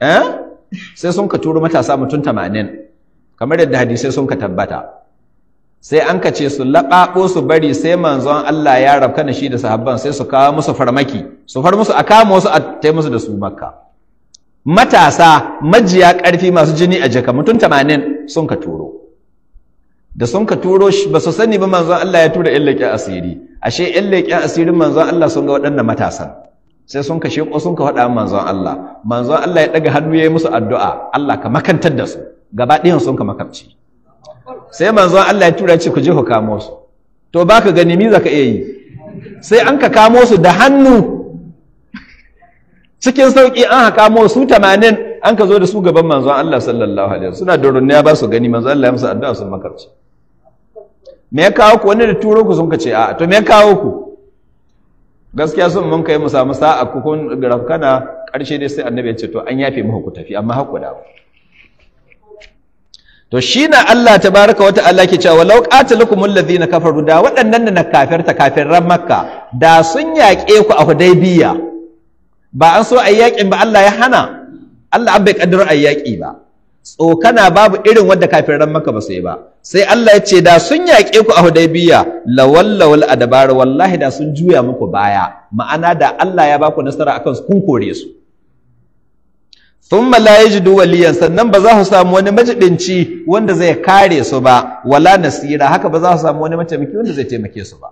eh sai sun ka turo matasa mutum tamanin kamar yadda hadisai sun ka tabbata sai an ka ce su laɓaɓo su bari sai manzon Allah ya rabka na shi da sahabban sai su kawo musu farmaki su far musu a kama wasu a tai musu da su makka matasa majiya ƙarfi masu jini a jaka mutum tamanin sun ka turo da sun ka turo ba su sani ba manzon Allah ya tura yan leƙen asiri ashe yan leƙen asirin manzon Allah sun ga waɗannan matasan sai sun kashe ko sun ka faɗa manzon Allah manzon Allah ya daga hannu yayi musu addu'a Allah ka makantar da su gaba ɗayan sun ka makamci sai manzon Allah ya tura ce ku je ku kamo su to baka gani mi zaka iya yi sai an ka kamo su da hannu cikin sauki an ka kamo su 80 an ka zo da su gaban manzon Allah sallallahu alaihi wasallam suna da ya ba su gani manzon Allah ya musu addu'a sun makamci me ya kawo ku wani da turo ku sun ka ce a'a to me ya kawo ku gaskiya sun mun kai mu samu sa'a kukun rakana rafkana ƙarshe dai sai annabi ya ce to an yafe muku tafi amma haku da to shi na Allah baraka wata Allah ke cewa walau qatalukumul ladina kafaru da waɗannan na kafin ran makka da sun yaƙe ku a hudaybiya ba an so ayi yaƙin ba Allah ya hana Allah an bai kaddara yi yaƙi ba tsokana babu irin wadda kafiran maka ba su ba sai Allah ya ce da sun yaƙe ku a Hudaybiya lawallawal adabar wallahi da sun juya muku baya ma'ana da Allah ya baku nasara akan su kun kore su thumma la yajidu waliyan sannan ba za su samu wani majidinci wanda zai kare su ba wala nasira haka ba za su samu wani mataimaki wanda zai taimake su ba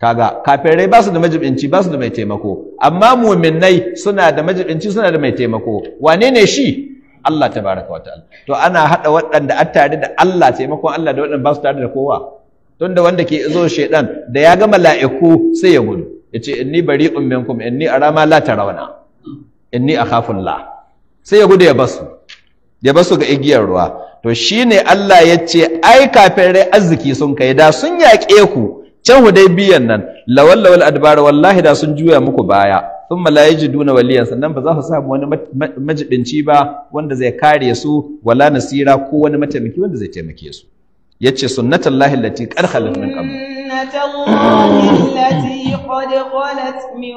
kaga kafirai ba su da majibinci ba su da mai taimako amma mu'minnai suna da majibinci suna da mai taimako wane ne shi Allah tabaraka wa ta'ala to ana hada waɗanda a tare da Allah taimakon Allah da waɗanda ba su tare da kowa tunda wanda ke zo shaidan da ya ga mala'iku sai ya gudu yace inni bari'un minkum inni arama la tarawna inni akhafu Allah sai ya gudu ya basu ya basu ga igiyar ruwa to shine Allah yace ai kafin rai arziki sun kai da sun yaƙe ku can hudaybiyan nan lawallawal adbar wallahi da sun juya muku baya thumma la yajiduna waliyan sannan ba za su samu wani majibinci ba wanda zai kare su wala nasira ko wani mataimaki wanda zai taimake su yace sunnatullahi allati qad khalat min qabl sunnatullahi allati qad khalat min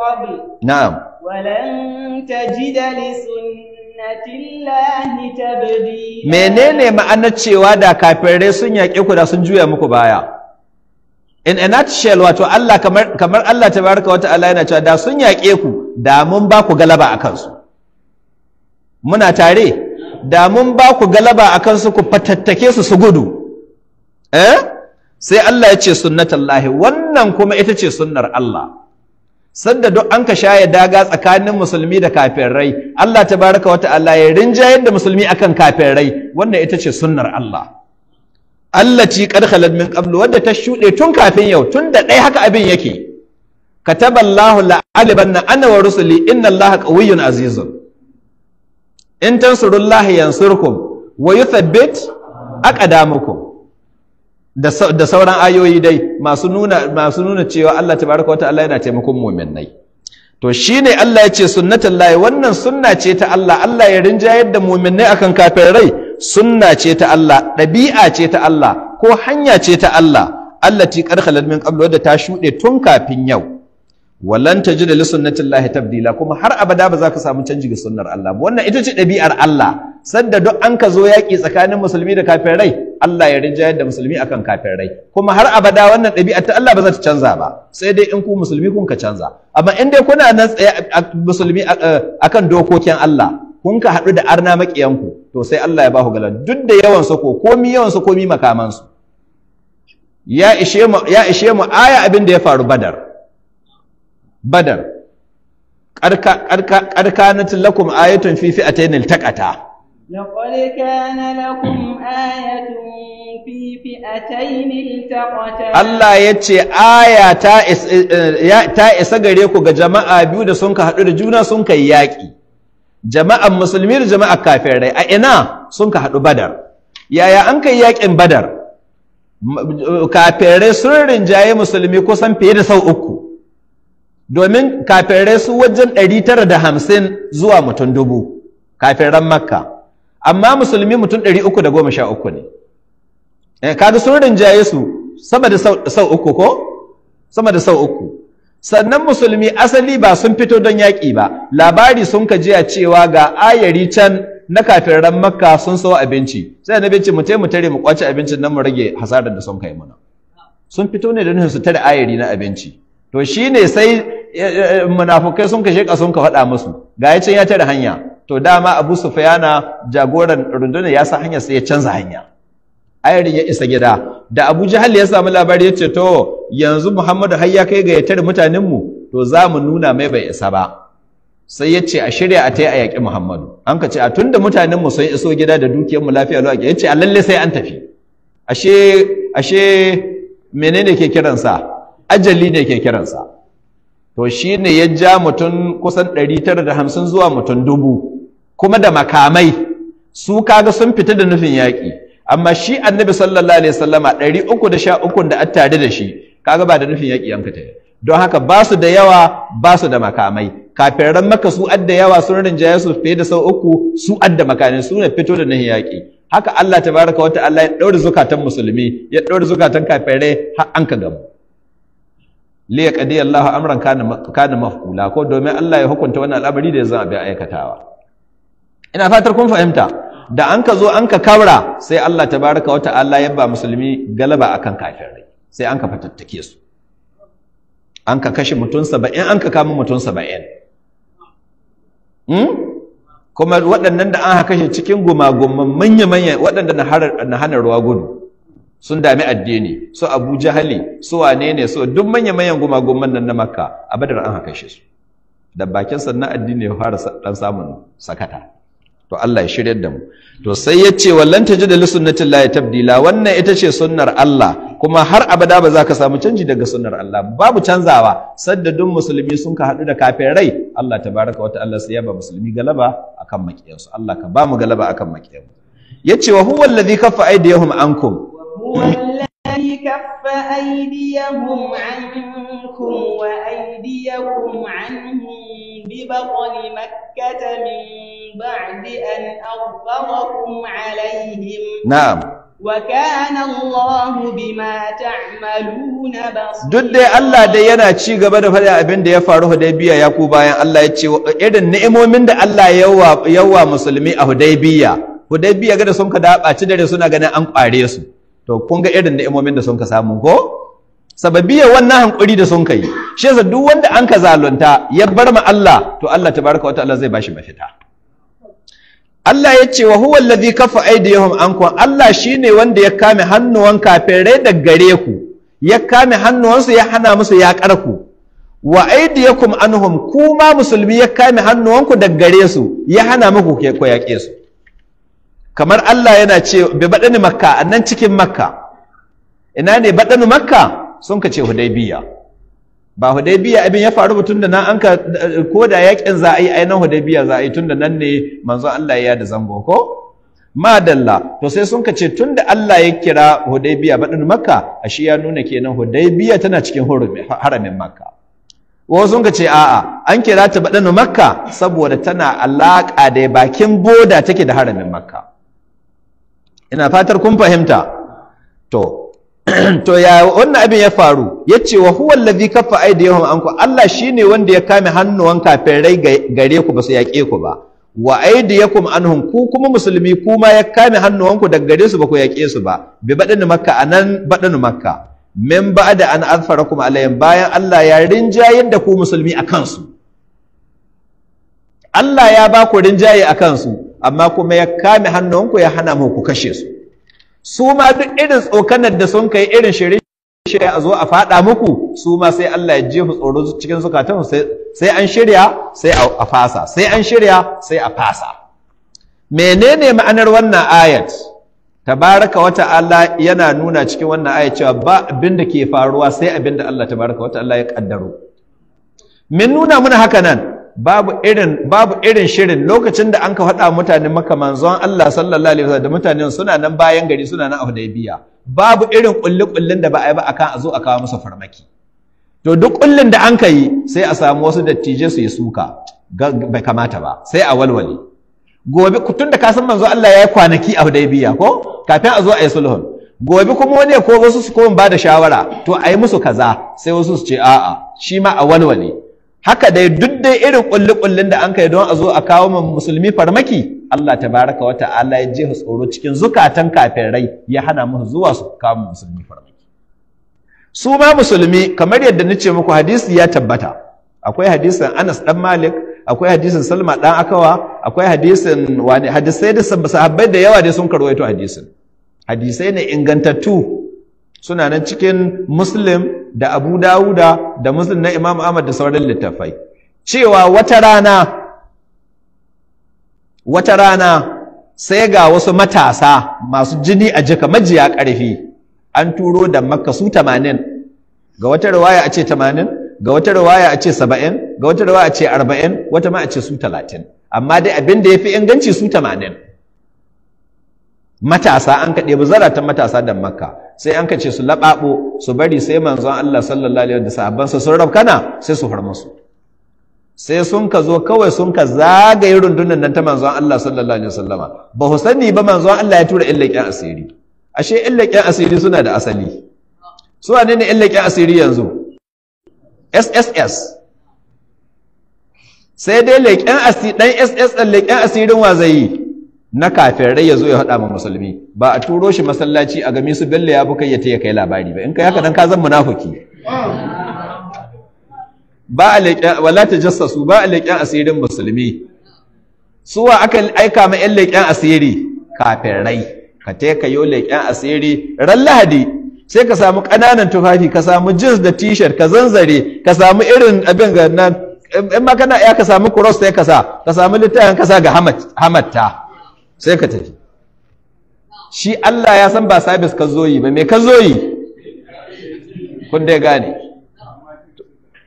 qabl na'am walan tajida li sunnatillahi tabdila menene ma'anar cewa da kafirai sun yaƙe ku da sun juya muku baya in a nutshell wato Allah kamar kamar Allah tabaraka wata'ala yana cewa da sun yaƙe ku da mun ba ku galaba a kansu muna tare da mun ba ku galaba a kansu ku fatattake su su gudu eh sai Allah ya ce sunnatullahi wannan kuma ita ce sunnar Allah sanda duk an ka shaye daga tsakanin musulmi da kafirai Allah ta tabaraka wata'ala ya rinjayen da musulmi akan kafirai wannan ita ce sunnar Allah Allah ci khalat min ƙablu wadda ta shuɗe tun kafin yau tun da ɗaya haka abin yake Ka taɓa kataballahu la'alibanna ana wa rusuli inna ka qawiyyun azizun in tan tansurullahi surkun. wa yi yuthabbit a ƙadamukun da sauran ayoyi dai masu nuna masu nuna cewa Allah wata Allah yana taimakon nai to shi ne Allah ya ce sunnatullahi wannan sunna ce ta Allah Allah ya rinjayar da kan akan rai. sunna ce ta Allah ɗabi'a ce ta Allah ko hanya ce ta Allah allati ƙarƙar min qablu wadda ta shuɗe tun kafin yau walan tajida li sunnatillahi tabdila kuma har abada ba za ka samu canji ga sunnar Allah wannan ita ce ɗabi'ar Allah sadda duk an ka zo yaƙi tsakanin musulmi da kafin rai, Allah ya rinjayar da musulmi akan rai. kuma har abada wannan ɗabi'ar ta Allah ba za ta canza ba sai dai in ku musulmi kun ka canza amma in dai kuna nan tsaye musulmi akan dokokin Allah kun ka haɗu da arna maƙiyanku to sai Allah ya ba ku galan duk da yawan su ko komi yawan su komi makaman su ya ishe mu ya ishe mu aya abin da ya faru badar badar qarka qarka qarkanat lakum ayatun fi fi'atayn iltaqata لقد كان لكم آية في فئتين التقتا الله يتي آية ta isa gare ku ga jama'a biyu da sun ka haɗu da juna sun kai yaki. jama'an musulmi da jama'ar kafirai a ina sun ka haɗu badar yaya an kai yaƙin badar kafirai sun rinjaye musulmi kusan fiye da sau uku domin kafirai su wajen ɗari tara da hamsin zuwa mutum dubu kafiran makka amma musulmi mutum ɗari uku da goma sha uku ne eh, kaga sun rinjaye su sama da sau uku ko sama da sau uku sannan musulmi asali ba sun fito don yaƙi ba labari sun ka jiya cewa ga ayari can na kafiran makka sun sau abinci sai na ce mu mu tare mu kwace abincin nan mu rage hasarar da sun kai mana sun fito ne don su tare ayari na abinci to shine sai eh, eh, munafukai sun kashe ka sun ka faɗa musu ga ya can ya tare hanya to dama Abu Sufyana jagoran rundunar ya sa hanya sai ya canza hanya ayarin ya isa gida da Abu Jahal ya samu labari ya ce to yanzu Muhammadu har ya kai ga ya tare mutanen mu to za mu nuna mai bai isa ba sai ya ce a shirya a tai a yaƙi Muhammadu an ka ce a tunda mutanen mu sun iso gida da dukiyar lafiya lafiya ya ce a lalle sai an tafi ashe ashe menene ke kiransa ajali ne ke kiransa to shine ya ja mutum kusan ɗari tara hamsin zuwa mutum dubu kuma da makamai su kaga sun fita da nufin yaƙi amma shi annabi sallallahu alaihi wasallama 313 da attare tare da shi kaga ba da nufin yaƙi yanka ta don haka ba su da yawa ba su da makamai kafiran maka su adda yawa sun rinja su fiye da sau uku su adda makamai su ne fito da nahi yaƙi haka Allah tabaraka wata Allah ya daure zukatan musulmi ya daure zukatan kafire har an ka gamu li qadi Allah amran kana kana mafkula ko domin Allah ya hukunta wannan al'amari da ya zama bai aikatawa ina fatar kun fahimta da an ka zo an ka kabra sai Allah baraka wata Allah ya ba musulmi galaba akan rai, sai an ka fatattake su an ka kashe mutum saba'in an ka kama mutum saba'in hmm? kuma waɗannan da an kashe cikin gumagumman manya-manya waɗanda na hana ruwa gudu sun dami addini su abu jahali su wane ne su duk manya-manyan gumagumman nan na makka a badar an kashe su da bakin sannan addini ya fara ɗan samun sakata to Allah ya shiryar da mu to sai ya ce wallan sunnatin li sunnatillahi tabdila wannan ita ce sunnar Allah kuma har abada ba za ka samu canji daga sunnar Allah babu canzawa sadda duk musulmi sun ka haɗu da kafin kafirai Allah baraka wata Allah sai ya ba musulmi galaba akan makiyansu Allah ka ba mu galaba akan ya ce wa huwa alladhi kaffa aydiyahum ankum كف أيديهم عنكم وأيديكم عنهم ببطن مكة من بعد أن أغفركم عليهم نعم duk dai Allah dai yana ci gaba da faɗa abin da ya faru Hudaybiya ya ku bayan Allah ya ce irin ni'imomin da Allah yawa yawa musulmi a Hudaybiya Hudaybiya ga da sun ka daɓaci dare suna ganin an ƙware su to kun ga irin ni'imomin da sun ka samu ko sababiyar wannan hankuri da sun kai shi yasa duk wanda an ka zalunta ya bar ma Allah to Allah tabaraka wa ta'ala zai bashi mafita Allah ya ce wa huwa alladhi kafa aydihim ankum Allah shine wanda ya kame hannuwan kafirai da gare ku ya kame hannuwansu ya hana musu ya ku wa aydiyakum anhum kuma musulmi ya kame hannuwanku da gare su ya hana muku ko yaƙe su kamar Allah yana ce bi badani makka annan cikin makka ina ne badani makka sun ka ce hudaibiya ba hudaibiya abin ya faru tun da nan an ka ko da yakin za a yi ainihin hudaibiya za a yi tun da nan ne manzo Allah ya da zango ko madalla to sai sun ka ce tun da Allah ya kira hudaybiya baɗin makka shi ya nuna kenan hudaibiya tana cikin haramin makka wasu sun ka ce a'a an kira ta baɗin makka saboda tana alaƙa da bakin boda take da haramin makka ina fatar kun fahimta to to ya wannan abin ya faru ya ce wa huwa allazi kaffa aydiyahum anku Allah shine wanda ya kame hannuwan kafin rai gare ku ba su yaƙe ku ba wa aydiyakum anhum ku kuma musulmi kuma ya kame hannuwan ku daga gare su ba ku yaƙe su ba bi badin makka anan badin makka min ba'da an azfarakum alayhim bayan Allah ya rinjayen da ku musulmi a kansu Allah ya ba ku rinjaye a kansu amma kuma ya kame hannuwan ku ya hana mu ku kashe su su ma duk irin tsokanar da sun kai irin shirye shirya a zo a faɗa muku su ma sai Allah ya jefa tsoro cikin zukatan sai an shirya sai a fasa sai an shirya sai a fasa menene ma'anar wannan ayat tabaraka wa ta'ala yana nuna cikin wannan ayat cewa ba abin da ke faruwa sai abin da Allah tabaraka wa ta'ala ya kaddaro min nuna muna haka nan babu irin babu irin shirin lokacin da an ka faɗa mutanen maka manzon Allah sallallahu alaihi wasallam da mutanen suna nan bayan gari suna nan a Hudaybiya babu irin kulli kullin da ba a yi ba akan a zo a kawo musu farmaki to duk kullin da an ka yi sai a samu wasu dattijai su yi suka bai kamata ba sai a walwale gobe kutun da ka san manzo Allah ya yi kwanaki a Hudaybiya ko kafin a zo a yi sulhun gobe kuma wani ko wasu su koma ba da shawara to a yi musu kaza sai wasu su ce a'a shi ma a walwale haka dai duk dai irin kulli-kullin da an kai don a zo a kawo ma musulmi farmaki Allah ta baraka wa ta'ala ya jefa tsoro cikin zukatan kafin rai, ya hana mu zuwa su kawo musulmi farmaki su ma musulmi kamar yadda ni ce muku hadisi ya tabbata akwai hadisin Anas dan Malik akwai hadisin Salma dan Akawa akwai hadisin wani hadisai da sahabbai da yawa dai sun karwaito hadisin hadisai ne ingantattu suna nan cikin muslim da abu dawuda da muslim na imam ahmad da sauran littafai cewa wata rana wata rana sai ga wasu matasa masu jini a jika majiya ƙarfi an turo da makka su tamanin ga wata rawaya a ce tamanin ga wata rawaya a ce saba'in ga wata rawaya a ce arba'in wata ma a ce su talatin amma dai abin da ya fi inganci su tamanin matasa an kaɗe ba zaratan matasa da makka sai an kace su laɓaɓo su bari sai manzon Allah sallallahu alaihi da sahabbansa sun rabkana sai su farma su sai sun ka zo kawai sun ka zagaye rundunan nan ta manzon Allah sallallahu alaihi wasallama ba ku sani ba manzon Allah ya tura illaƙin asiri ashe illaƙin asiri suna da asali su wane ne illaƙin asiri yanzu SSS sai dai leƙen asiri dan SSS leƙen asirin wa zai yi na kafirai ya zo ya haɗa ma musulmi ba a turo shi masallaci a game su bello ya bukai ya kai labari ba in kai haka dan ka zan munafuki. ba a leƙen wala ta jassasu ba a leƙen asirin musulmi Su wa aka aika ma yan leƙen asiri kafirai ka taya ka yo leƙen asiri ran lahadi sai ka samu ƙananan tufafi ka samu jeans da t-shirt ka zanzare ka samu irin abin ga nan in ma kana ya ka samu cross sai ka sa ka samu littafin ka sa ga hamatta sai ka tafi shi Allah ya san ba sabis ka zo yi ba me ka zo yi kun dai gane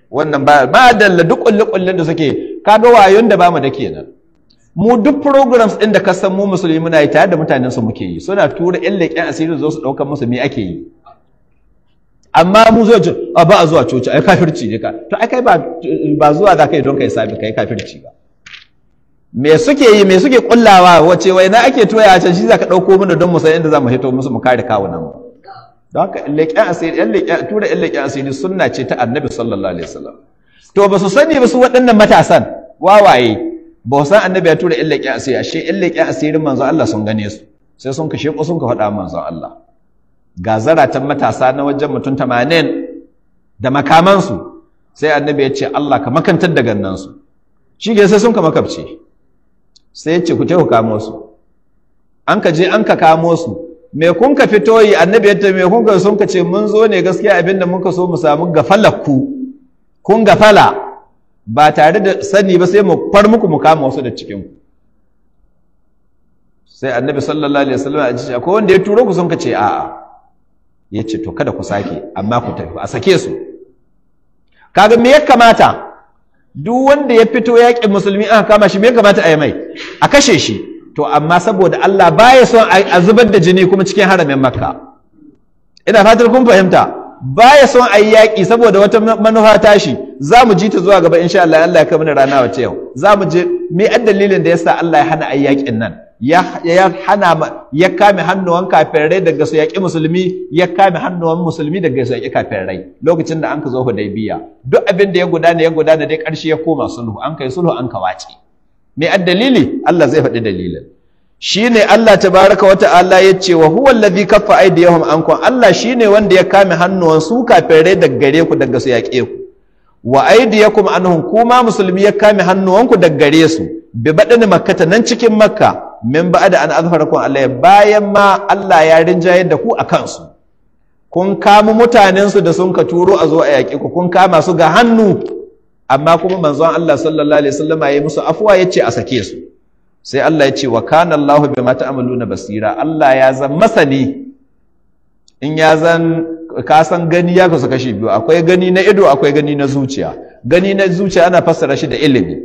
wannan ba ba dalla duk kullu kullun da suke kaga wayon da bamu da kenan mu duk programs din da ka san mu musulmi muna yi tare da mutanen su muke yi suna tura ƴan leƙen asiri zo su daukar musu me ake yi amma mu zo ji ba a zuwa coci ai kafirci ne ka to ai kai ba zuwa za ka yi don kai sabi kai kafirci ba me suke yi me suke kullawa wace wai na ake toya a can shi zaka dauko mana don mu san inda zamu hito musu mu kare kawo mu don haka leƙen asiri yan leƙen tura yan leƙen asiri sunna ce ta annabi sallallahu alaihi wasallam to ba su sani ba su waɗannan matasan wawaye ba san annabi ya tura yan leƙen asiri ashe yan leƙen asirin manzon Allah sun gane su sai sun kashe ko sun ka faɗa manzon Allah ga zaratan matasa na wajen mutum tamanin da makamansu sai annabi ya ce Allah ka makantar da gannansu shi ke sai sun ka makabce sai ce ku ce ku kamo su an ka je an ka kamo su me kun ka fito yi annabi yadda me kun ka sun ka ce mun zo ne gaskiya abin da muka so mu samu gafalar ku kun gafala ba tare da sani ba sai mu far muku mu kama wasu da cikin ku sai annabi sallallahu alaihi wasallam a ce Ko wanda ya turo ku sun ka ce a'a ya ce to kada ku sake amma ku tafi a sake su kaga me ya kamata duk wanda ya fito yaƙin musulmi aka kama shi me kamata a yi mai a kashe shi to amma saboda Allah baya son a zubar da jini kuma cikin haramin makka ina fatar kun fahimta baya son a yi yaƙi saboda wata manufa shi, za mu ji ta zuwa gaba insha Allah Allah ya kai mana rana wace yau za mu je me dalilin da yasa Allah ya hana a yi yaƙin nan ya hana ya kame hannuwan kafirai daga su yaƙi musulmi ya kame hannuwan musulmi daga su yaƙi kafirai lokacin da anka zo biya. duk abin da ya gudana ya gudana dai ƙarshe ya koma sulhu an kai sulhu an kawace me dalili? Allah zai faɗi dalilin shine Allah tabaraka wa ta'ala ya ce wa huwa allazi kaffa aydiyahum ankum Allah shine wanda ya kame hannuwan su kafirai daga gare ku daga su yaƙe ku wa aydiyakum anhum kuma musulmi ya kame hannuwanku daga gare su bi badani makkata nan cikin makka min ba'da an azfarakum Allah bayan ma Allah ya rinjayar da ku a kansu kun kama mutanen da sun ka turo a zo a yaƙi ku kun kama su ga hannu amma kuma manzon Allah sallallahu alaihi wasallam ya musu afuwa ya ce a sake su sai Allah ya ce wa kana Allahu bima ta'maluna basira Allah ya zan masani in ya zan ka san gani ya kasu kashi biyu akwai gani na ido akwai gani na zuciya gani na zuciya ana fassara shi da ilimi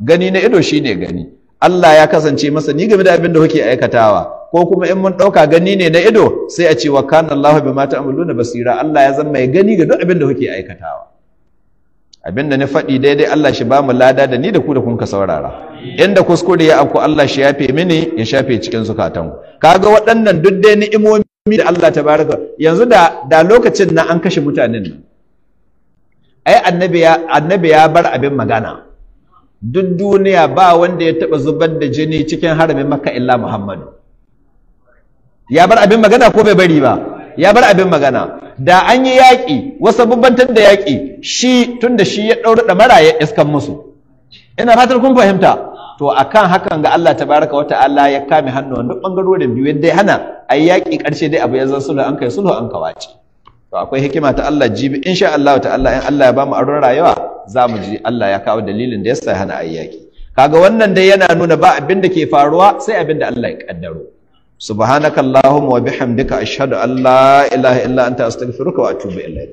gani na ido shine gani Allah ya kasance masa ni game da abin da kuke aikatawa ko kuma in mun ɗauka gani ne na ido sai a ce wa kana Allah bima ta'maluna basira Allah ya zama mai gani ga duk abin da kuke aikatawa abin da ni faɗi daidai Allah shi ba mu lada da ni da ku da kun ka saurara inda kuskure ya afku Allah shi yafe mini ya shafe cikin zukatanku kaga waɗannan duk dai ni'imomi mi da Allah baraka yanzu da da lokacin na an kashe mutanen nan ai annabi ya annabi ya bar abin magana duk duniya ba wanda ya taba zubar da jini cikin haramin makka illa muhammadu ya bar abin magana ko bai bari ba ya bar abin magana da an yi yaƙi wasu bubbantar da yaƙi shi tunda da shi ya ɗaura mara ya iskan musu ina fatar kun fahimta to akan hakan ga Allah ta baraka wata ta'ala ya kame hannuwan duk bangarorin biyu yadda ya hana ai yaki karshe dai abu ya zan sulhu an kai sulhu an kawace to akwai hikima ta Allah jibi insha Allah Allah in Allah ya bamu aron rayuwa za mu ji Allah ya kawo dalilin da ya sa hana ai yaki kaga wannan dai yana nuna ba abin da ke faruwa sai abin da Allah ya kaddaro subhanakallahumma wa bihamdika ashhadu an la ilaha illa anta astaghfiruka wa atubu ilaik